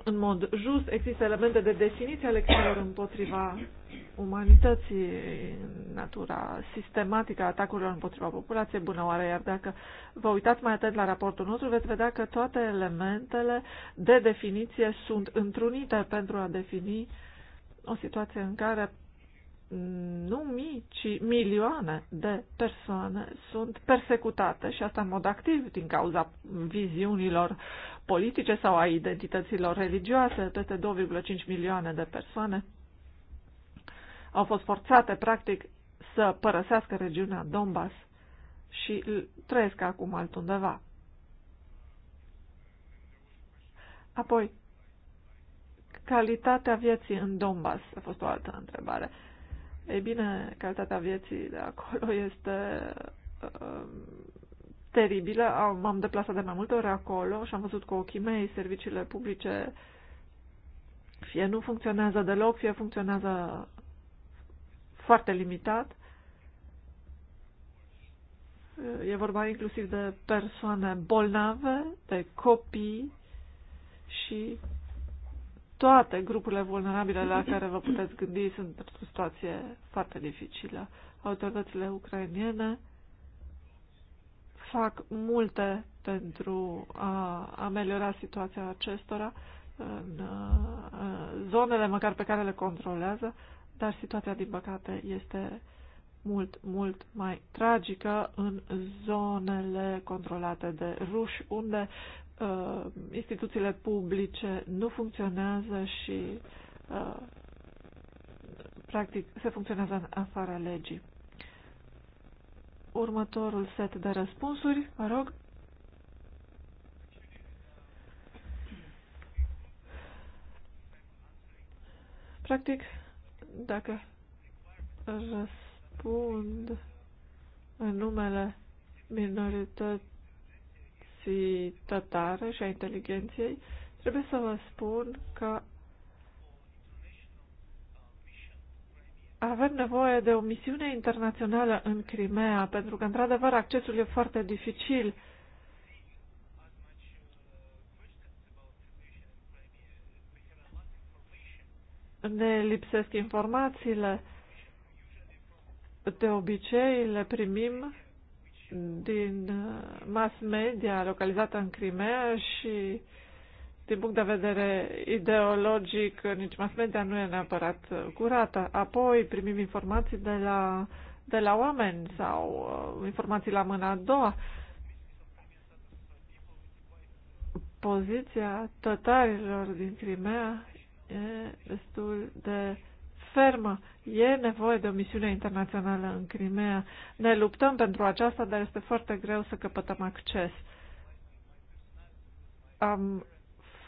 în mod just, există elemente de definiție ale crimelor împotriva umanității, natura sistematică a atacurilor împotriva populației bună oare, iar dacă vă uitați mai atent la raportul nostru, veți vedea că toate elementele de definiție sunt întrunite pentru a defini o situație în care nu mii, ci milioane de persoane sunt persecutate și asta în mod activ din cauza viziunilor politice sau a identităților religioase. Peste 2,5 milioane de persoane au fost forțate, practic, să părăsească regiunea Donbass și trăiesc acum altundeva. Apoi, calitatea vieții în Donbass a fost o altă întrebare. E bine, calitatea vieții de acolo este uh, teribilă. M-am deplasat de mai multe ori acolo și am văzut cu ochii mei serviciile publice fie nu funcționează deloc, fie funcționează foarte limitat. E vorba inclusiv de persoane bolnave, de copii și toate grupurile vulnerabile la care vă puteți gândi sunt într-o situație foarte dificilă. Autoritățile ucrainiene fac multe pentru a ameliora situația acestora în zonele măcar pe care le controlează, dar situația, din păcate, este mult, mult mai tragică în zonele controlate de ruși, unde uh, instituțiile publice nu funcționează și uh, practic se funcționează în afara legii. Următorul set de răspunsuri, mă rog. Practic, dacă răspund în numele minorității, păsării tatare și a inteligenței, trebuie să vă spun că avem nevoie de o misiune internațională în Crimea, pentru că, într-adevăr, accesul e foarte dificil. Ne lipsesc informațiile. De obicei le primim din uh, mass media localizată în Crimea și din punct de vedere ideologic, nici mass media nu e neapărat uh, curată. Apoi primim informații de la, de la oameni sau uh, informații la mâna a doua. Poziția tătarilor din Crimea e destul de fermă. E nevoie de o misiune internațională în Crimea. Ne luptăm pentru aceasta, dar este foarte greu să căpătăm acces. Am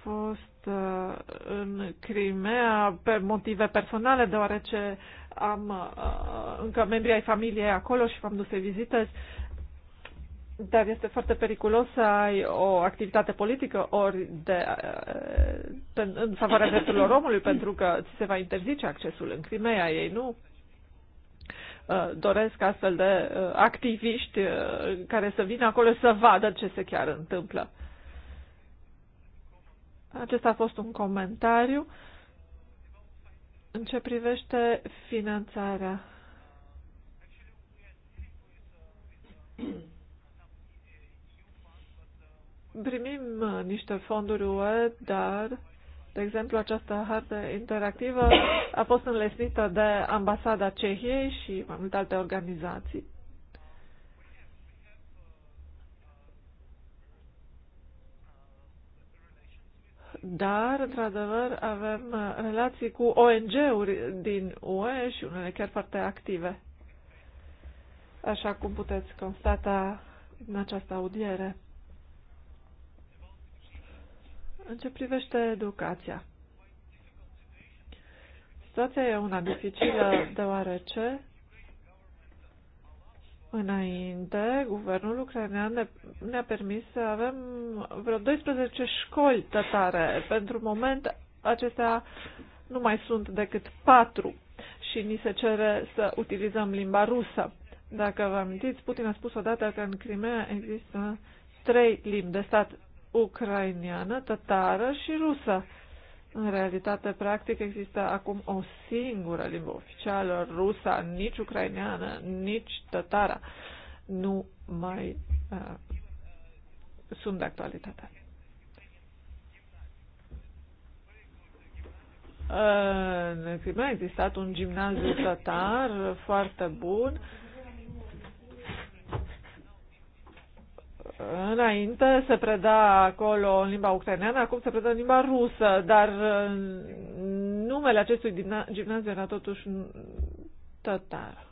fost uh, în Crimea pe motive personale, deoarece am uh, încă membrii ai familiei acolo și v-am dus să vizitez. Dar este foarte periculos să ai o activitate politică ori de, eh, în favoarea drepturilor omului, pentru că ți se va interzice accesul în Crimea. Ei nu eh, doresc astfel de eh, activiști care să vină acolo să vadă ce se chiar întâmplă. Acesta a fost un comentariu în ce privește finanțarea primim uh, niște fonduri UE, dar, de exemplu, această hartă interactivă a fost înlesnită de Ambasada Cehiei și mai multe alte organizații. Dar, într-adevăr, avem uh, relații cu ONG-uri din UE și unele chiar foarte active, așa cum puteți constata în această audiere. În ce privește educația, situația e una dificilă deoarece Înainte, guvernul ucrainean ne-a permis să avem vreo 12 școli tătare. Pentru moment, acestea nu mai sunt decât 4 și ni se cere să utilizăm limba rusă. Dacă vă amintiți, Putin a spus odată că în Crimea există trei limbi de stat, ucraineană, tatară și rusă. În realitate, practic, există acum o singură limbă oficială rusă. nici ucraineană, nici tatară, Nu mai uh, sunt de actualitate. Uh, în Crimea a existat un gimnaziu tatar foarte bun Înainte se preda acolo în limba ucraineană, acum se predă în limba rusă, dar uh, numele acestui gimnaziu era totuși tătar.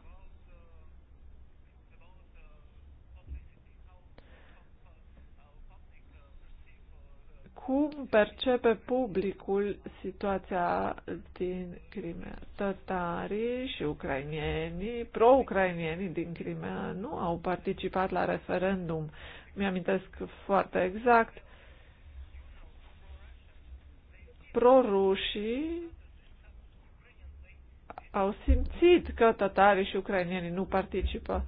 Cum percepe publicul situația din Crimea? Tătarii și ucrainienii, pro-ucrainienii din Crimea, nu au participat la referendum mi-amintesc foarte exact, prorușii au simțit că tătarii și ucrainienii nu participă.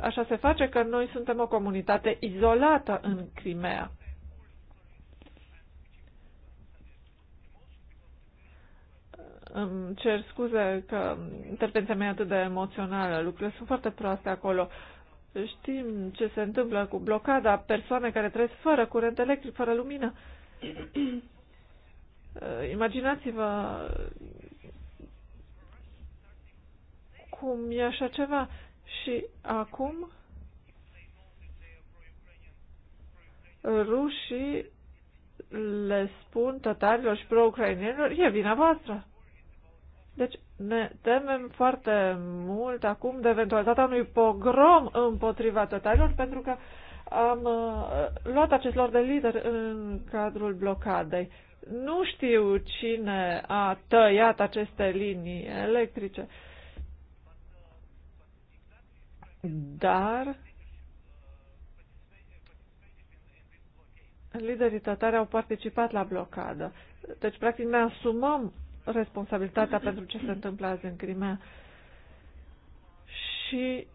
Așa se face că noi suntem o comunitate izolată în Crimea. Îmi cer scuze că intervenția mea e atât de emoțională. Lucrurile sunt foarte proaste acolo. Știm ce se întâmplă cu blocada, persoane care trăiesc fără curent electric, fără lumină. Imaginați-vă cum e așa ceva. Și acum rușii le spun tătarilor și pro-ucrainienilor, e vina voastră. Deci ne temem foarte mult acum de eventualitatea unui pogrom împotriva tătarilor pentru că am uh, luat acest lor de lider în cadrul blocadei. Nu știu cine a tăiat aceste linii electrice, dar liderii tătari au participat la blocadă. Deci, practic, ne asumăm responsabilitatea pentru ce se întâmplă azi în Crimea. Și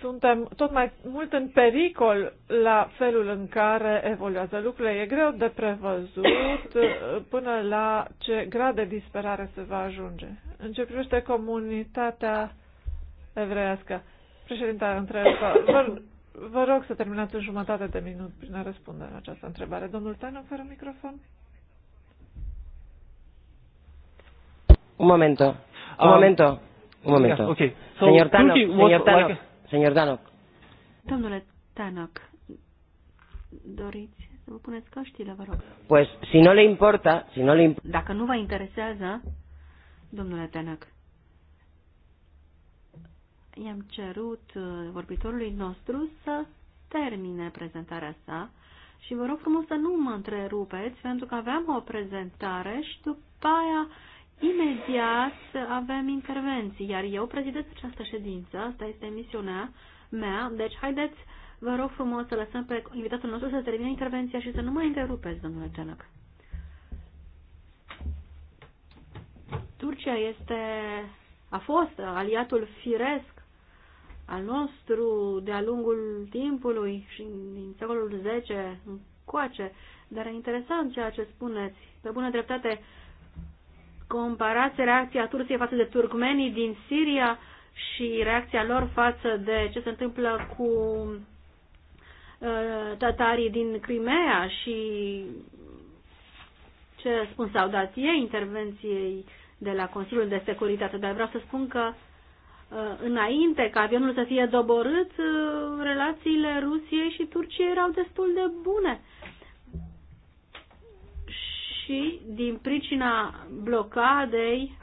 suntem tot mai mult în pericol la felul în care evoluează lucrurile. E greu de prevăzut până la ce grad de disperare se va ajunge. În ce privește comunitatea evreiască, președinta întreabă, vă, vă rog să terminați în jumătate de minut prin a răspunde la această întrebare. Domnul Tanu, fără microfon? Un momento. Un um, momento. Un momento. Yeah, okay. so señor Tanok, señor Tanok, like... señor Tanok. Domnule Tanok, doriți să vă puneți căștile, vă rog. Pues, si no le importa, si no le imp Dacă nu vă interesează, domnule Tanok, i-am cerut uh, vorbitorului nostru să termine prezentarea sa și vă rog frumos să nu mă întrerupeți, pentru că aveam o prezentare și după aia imediat avem intervenții, iar eu prezidez această ședință, asta este emisiunea mea, deci haideți, vă rog frumos să lăsăm pe invitatul nostru să termine intervenția și să nu mai interupeți, domnule Cenac. Turcia este, a fost aliatul firesc al nostru de-a lungul timpului și din secolul X încoace, dar e interesant ceea ce spuneți. Pe bună dreptate, comparați reacția Turției față de turcmenii din Siria și reacția lor față de ce se întâmplă cu uh, tatarii din Crimea și ce s au dat ei intervenției de la Consiliul de Securitate, dar vreau să spun că uh, înainte ca avionul să fie doborât, uh, relațiile Rusiei și Turciei erau destul de bune și din pricina blocadei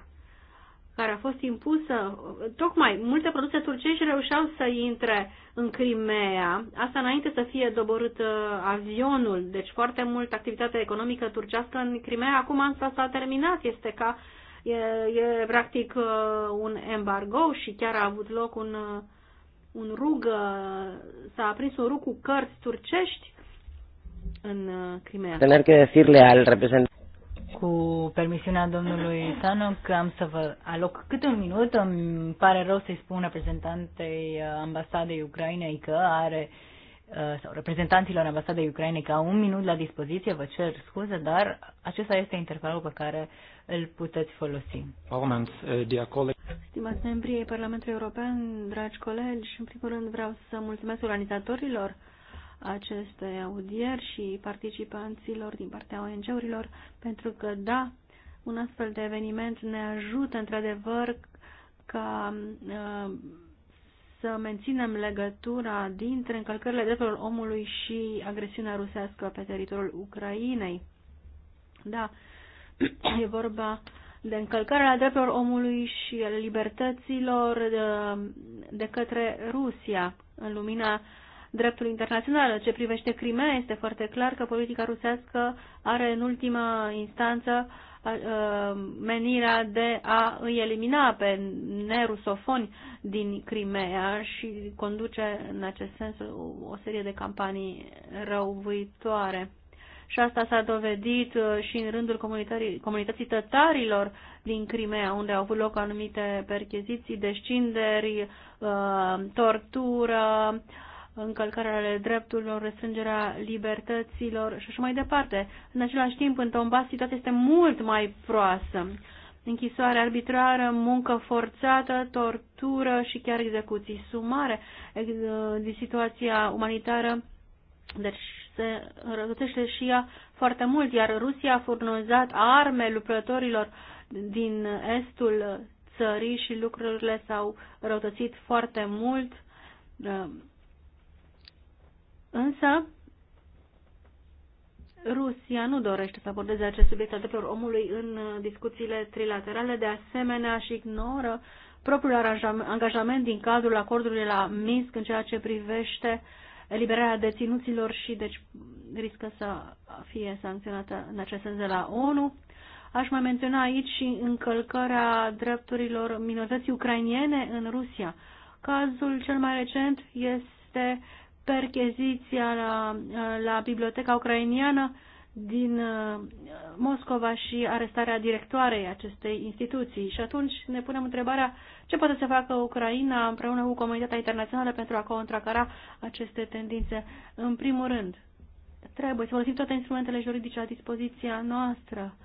care a fost impusă, tocmai multe produse turcești reușeau să intre în Crimea, asta înainte să fie doborât uh, avionul, deci foarte mult activitate economică turcească în Crimea, acum asta s-a terminat, este ca e, e practic uh, un embargo și chiar a avut loc un, uh, un rug, s-a aprins un rug cu cărți turcești în Crimea. Tener că decirle al reprezentant cu permisiunea domnului Tanoc, am să vă aloc câte un minut. Îmi pare rău să-i spun reprezentantei uh, ambasadei Ucrainei că are uh, sau reprezentanților ambasadei Ucrainei au un minut la dispoziție, vă cer scuze, dar acesta este intervalul pe care îl puteți folosi. Uh, Stimați membrii Parlamentului European, dragi colegi, în primul rând vreau să mulțumesc organizatorilor aceste audieri și participanților din partea ONG-urilor, pentru că, da, un astfel de eveniment ne ajută, într-adevăr, ca uh, să menținem legătura dintre încălcările drepturilor omului și agresiunea rusească pe teritoriul Ucrainei. Da, e vorba de încălcarea drepturilor omului și libertăților de, uh, de către Rusia în lumina uh, dreptul internațional. În ce privește Crimea, este foarte clar că politica rusească are în ultima instanță menirea de a îi elimina pe nerusofoni din Crimea și conduce în acest sens o serie de campanii răuvuitoare. Și asta s-a dovedit uh, și în rândul comunității tătarilor din Crimea, unde au avut loc anumite percheziții, descinderi, uh, tortură, încălcări ale drepturilor, restrângerea libertăților și așa mai departe. În același timp, în Tombas, situația este mult mai proasă. Închisoare arbitrară, muncă forțată, tortură și chiar execuții sumare din situația umanitară. Deci se răzutește și ea foarte mult, iar Rusia a furnizat arme lucrătorilor din estul țării și lucrurile s-au răutățit foarte mult Însă, Rusia nu dorește să abordeze acest subiect al drepturilor omului în uh, discuțiile trilaterale, de asemenea și ignoră propriul angajament din cadrul acordului la Minsk în ceea ce privește eliberarea deținuților și deci riscă să fie sancționată în acest sens de la ONU. Aș mai menționa aici și încălcarea drepturilor minorității ucrainiene în Rusia. Cazul cel mai recent este percheziția la, la Biblioteca Ucrainiană din uh, Moscova și arestarea directoarei acestei instituții. Și atunci ne punem întrebarea ce poate să facă Ucraina împreună cu comunitatea internațională pentru a contracara aceste tendințe. În primul rând, trebuie să folosim toate instrumentele juridice la dispoziția noastră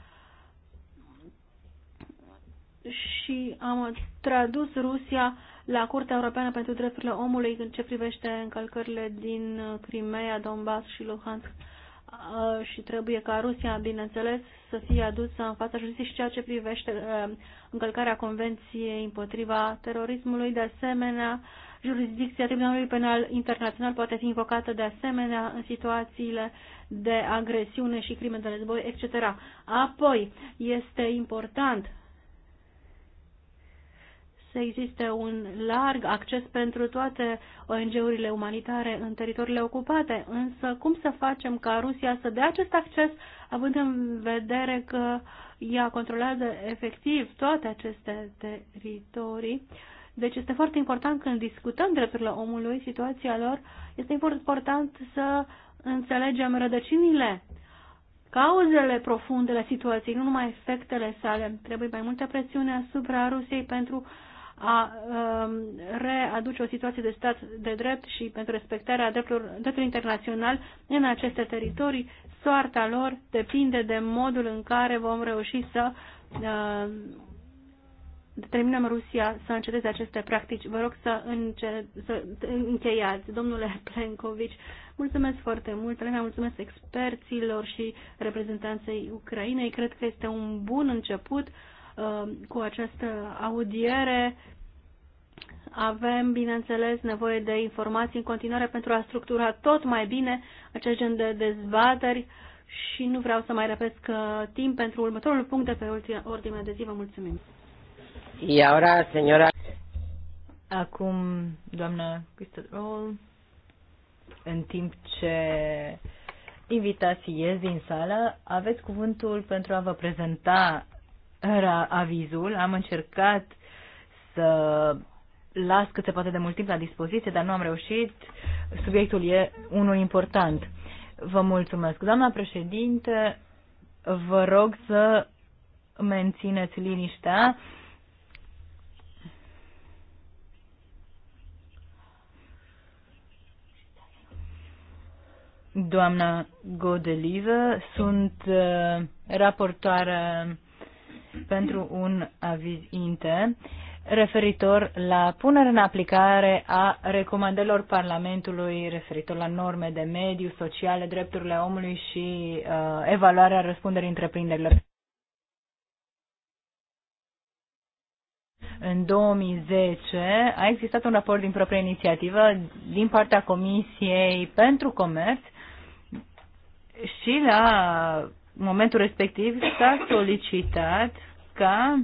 și am tradus Rusia la Curtea Europeană pentru Drepturile Omului în ce privește încălcările din Crimea, Donbass și Luhansk uh, și trebuie ca Rusia, bineînțeles, să fie adusă în fața justiției și ceea ce privește uh, încălcarea Convenției împotriva terorismului. De asemenea, jurisdicția Tribunalului Penal Internațional poate fi invocată de asemenea în situațiile de agresiune și crime de război, etc. Apoi, este important să existe un larg acces pentru toate ONG-urile umanitare în teritoriile ocupate, însă cum să facem ca Rusia să dea acest acces, având în vedere că ea controlează efectiv toate aceste teritorii? Deci este foarte important când discutăm drepturile omului, situația lor, este important să înțelegem rădăcinile cauzele profunde ale situației, nu numai efectele sale. Trebuie mai multă presiune asupra Rusiei pentru a um, readuce o situație de stat de drept și pentru respectarea dreptului, dreptului internațional în aceste teritorii. Soarta lor depinde de modul în care vom reuși să um, determinăm Rusia să înceteze aceste practici. Vă rog să, înce- să încheiați, domnule Plenkovici. Mulțumesc foarte mult, Elena, mulțumesc experților și reprezentanței Ucrainei. Cred că este un bun început. Um, cu această audiere. Avem, bineînțeles, nevoie de informații în continuare pentru a structura tot mai bine acest gen de dezbateri și nu vreau să mai repet că timp pentru următorul punct de pe ordinea de zi. Vă mulțumim. Și ora, señora... Acum, doamna Cristol, în timp ce invitații ies din sală, aveți cuvântul pentru a vă prezenta era avizul. Am încercat să las cât se poate de mult timp la dispoziție, dar nu am reușit. Subiectul e unul important. Vă mulțumesc. Doamna președinte, vă rog să mențineți liniștea. Doamna Godelivă, sunt uh, raportoare pentru un aviz inter referitor la punerea în aplicare a recomandărilor Parlamentului referitor la norme de mediu, sociale, drepturile omului și uh, evaluarea răspunderii întreprinderilor. În 2010 a existat un raport din proprie inițiativă din partea Comisiei pentru Comerț și la momentul respectiv s-a solicitat ca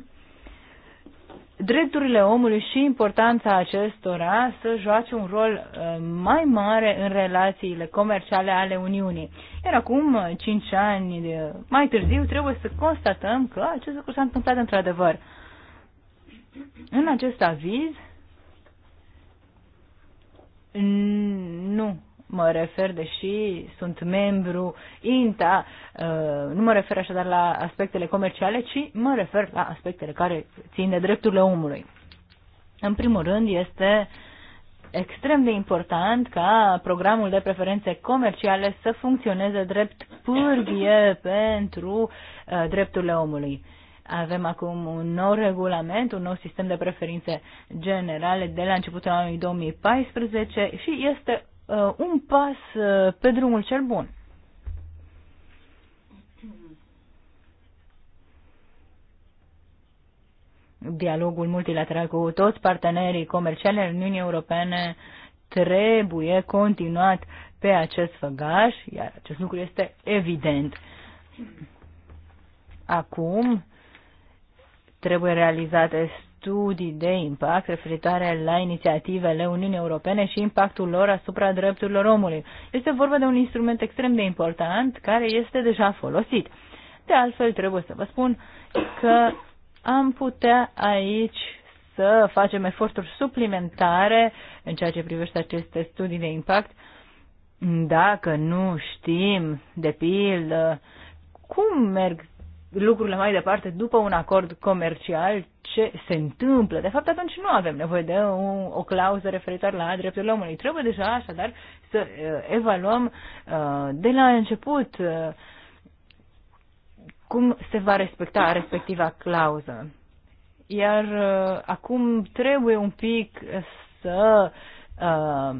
drepturile omului și importanța acestora să joace un rol uh, mai mare în relațiile comerciale ale Uniunii. Iar acum, uh, cinci ani uh, mai târziu, trebuie să constatăm că acest lucru s-a întâmplat într-adevăr. În acest aviz, nu mă refer, deși sunt membru INTA, uh, nu mă refer așadar la aspectele comerciale, ci mă refer la aspectele care țin de drepturile omului. În primul rând, este extrem de important ca programul de preferențe comerciale să funcționeze drept pârghie pentru uh, drepturile omului. Avem acum un nou regulament, un nou sistem de preferințe generale de la începutul anului 2014 și este uh, un pas uh, pe drumul cel bun. Dialogul multilateral cu toți partenerii comerciali în Uniunii Europene trebuie continuat pe acest făgaș, iar acest lucru este evident. Acum trebuie realizate studii de impact referitoare la inițiativele Uniunii Europene și impactul lor asupra drepturilor omului. Este vorba de un instrument extrem de important care este deja folosit. De altfel, trebuie să vă spun că am putea aici să facem eforturi suplimentare în ceea ce privește aceste studii de impact, dacă nu știm, de pildă, cum merg lucrurile mai departe după un acord comercial, ce se întâmplă. De fapt, atunci nu avem nevoie de o, o clauză referitoare la drepturile omului. Trebuie deja, așadar, să uh, evaluăm uh, de la început uh, cum se va respecta respectiva clauză. Iar uh, acum trebuie un pic să uh,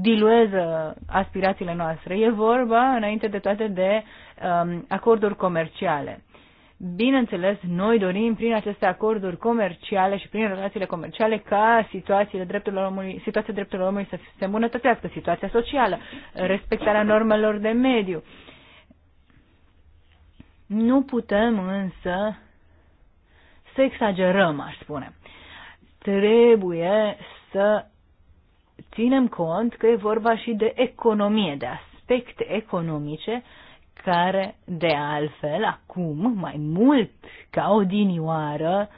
diluează aspirațiile noastre. E vorba, înainte de toate, de um, acorduri comerciale. Bineînțeles, noi dorim prin aceste acorduri comerciale și prin relațiile comerciale ca situațiile drepturilor omului, situația drepturilor omului să se îmbunătățească, situația socială, respectarea normelor de mediu. Nu putem însă să exagerăm, aș spune. Trebuie să ținem cont că e vorba și de economie, de aspecte economice care, de altfel, acum, mai mult ca odinioară,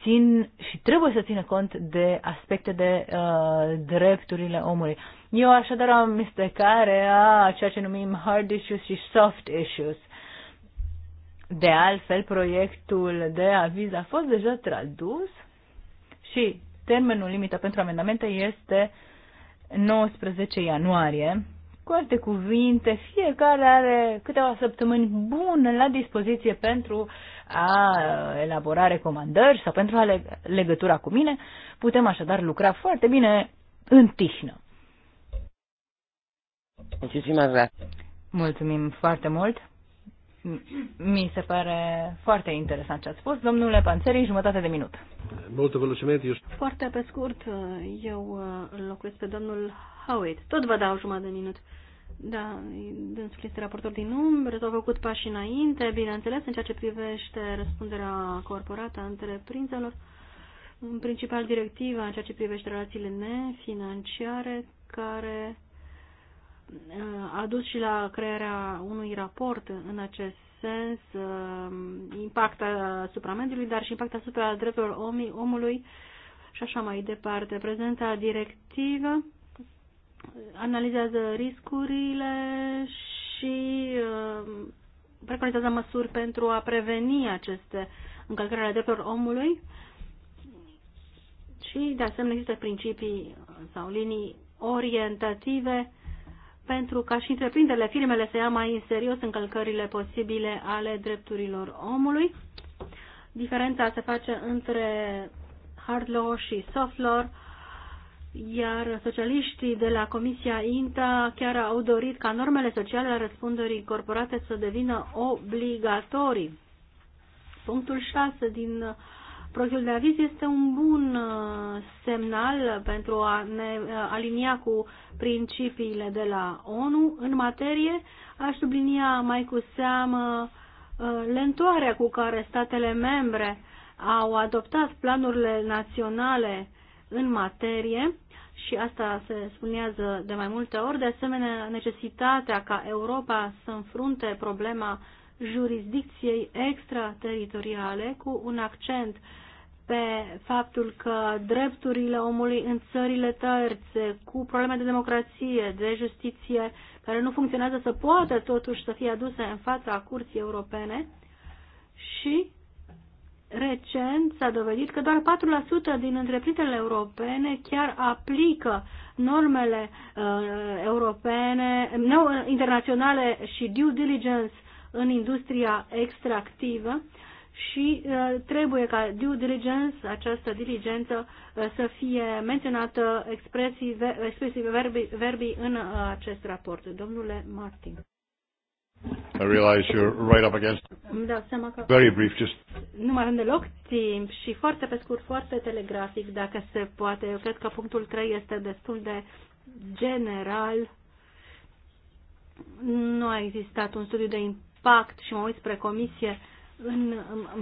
țin și trebuie să țină cont de aspecte de uh, drepturile omului. Eu așadar am mistecare a ceea ce numim hard issues și soft issues. De altfel, proiectul de aviz a fost deja tradus și termenul limită pentru amendamente este 19 ianuarie. Cu alte cuvinte, fiecare are câteva săptămâni bune la dispoziție pentru a elabora recomandări sau pentru a le- legătura cu mine. Putem așadar lucra foarte bine în tihnă. Mulțumim foarte mult! Mi se pare foarte interesant ce ați spus. Domnule Panțeri, jumătate de minut. Multă velociment. Eu... Foarte pe scurt, eu uh, locuiesc pe domnul Howitt. Tot vă dau jumătate de minut. Da, dânsul este raportor din umbră, s-au făcut pași înainte, bineînțeles, în ceea ce privește răspunderea corporată a întreprinzelor, în principal directiva în ceea ce privește relațiile nefinanciare, care a dus și la crearea unui raport în acest sens, um, impact asupra mediului, dar și impact asupra drepturilor omului, omului și așa mai departe. Prezenta directivă analizează riscurile și um, preconizează măsuri pentru a preveni aceste încălcări ale drepturilor omului și, de asemenea, există principii sau linii orientative pentru ca și întreprinderile, firmele să ia mai în serios încălcările posibile ale drepturilor omului. Diferența se face între hard law și soft law, iar socialiștii de la Comisia INTA chiar au dorit ca normele sociale a răspunderii corporate să devină obligatorii. Punctul 6 din Proiectul de aviz este un bun uh, semnal pentru a ne uh, alinia cu principiile de la ONU în materie. Aș sublinia mai cu seamă uh, lentoarea cu care statele membre au adoptat planurile naționale în materie și asta se spunează de mai multe ori, de asemenea necesitatea ca Europa să înfrunte problema jurisdicției extrateritoriale cu un accent pe faptul că drepturile omului în țările terțe, cu probleme de democrație, de justiție, care nu funcționează, să poată totuși să fie aduse în fața Curții Europene și recent s-a dovedit că doar 4% din întreprinderile europene chiar aplică normele uh, europene, nu, internaționale și due diligence în industria extractivă și uh, trebuie ca due diligence, această diligență, uh, să fie menționată expresii, ver, expresii verbi, verbii în uh, acest raport. Domnule Martin. I realize you're right up against. seama că Very brief, just... Nu mai avem deloc timp și foarte pe scurt, foarte telegrafic, dacă se poate. Eu cred că punctul 3 este destul de general. Nu a existat un studiu de impact și mă uit spre comisie uh, în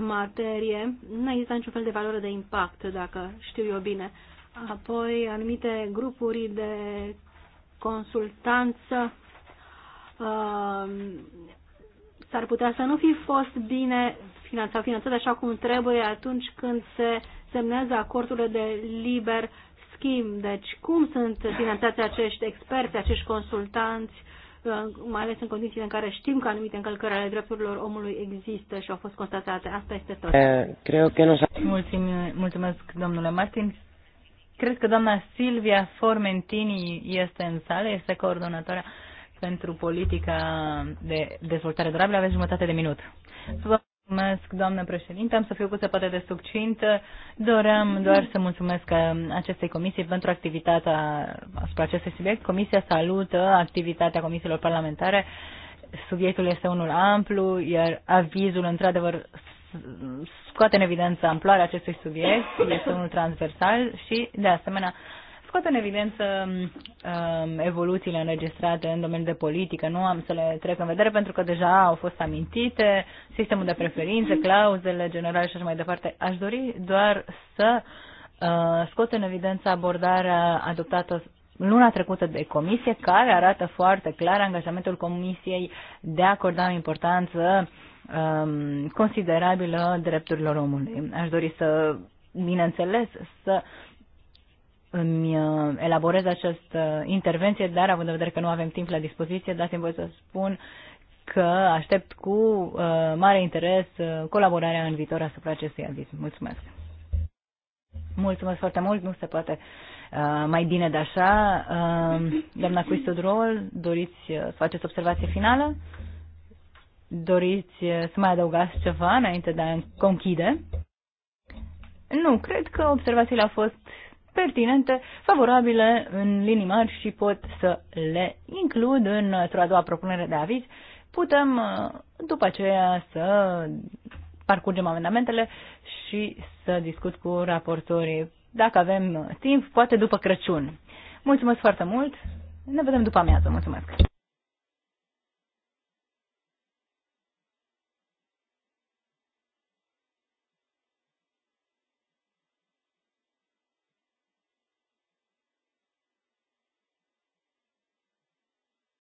materie, nu există niciun fel de valoare de impact, dacă știu eu bine. Apoi, anumite grupuri de consultanță uh, s-ar putea să nu fi fost bine finanțat, finanțate așa cum trebuie atunci când se semnează acordurile de liber schimb. Deci, cum sunt finanțați acești experți, acești consultanți, mai ales în condițiile în care știm că anumite încălcări ale drepturilor omului există și au fost constatate. Asta este tot. Eh, Cred că nu Mulțumim, mulțumesc, domnule Martin. Cred că doamna Silvia Formentini este în sală, este coordonatoarea pentru politica de dezvoltare durabilă. Aveți jumătate de minut. Mulțumesc, doamnă președinte. Am să fiu cu se poate de succint. Doream doar să mulțumesc uh, acestei comisii pentru activitatea asupra acestui subiect. Comisia salută activitatea comisiilor parlamentare. Subiectul este unul amplu, iar avizul, într-adevăr, scoate în evidență amploarea acestui subiect, este unul transversal și, de asemenea, scot în evidență um, evoluțiile înregistrate în domeniul de politică. Nu am să le trec în vedere pentru că deja au fost amintite sistemul de preferințe, clauzele generale și așa mai departe. Aș dori doar să uh, scot în evidență abordarea adoptată luna trecută de comisie, care arată foarte clar angajamentul comisiei de a acorda o importanță um, considerabilă drepturilor omului. Aș dori să bineînțeles, să îmi uh, elaborez această intervenție, dar având în vedere că nu avem timp la dispoziție, dați-mi voi să spun că aștept cu uh, mare interes uh, colaborarea în viitor asupra acestui aviz. Mulțumesc! Mulțumesc foarte mult, nu se poate uh, mai bine de așa. Uh, doamna Cuistodrol, doriți uh, să faceți observație finală? Doriți uh, să mai adăugați ceva înainte de a conchide? Nu, cred că observațiile au fost pertinente, favorabile în linii mari și pot să le includ într-o a doua propunere de aviz. Putem uh, după aceea să parcurgem amendamentele și să discut cu raportorii. Dacă avem timp, poate după Crăciun. Mulțumesc foarte mult! Ne vedem după amiază. Mulțumesc!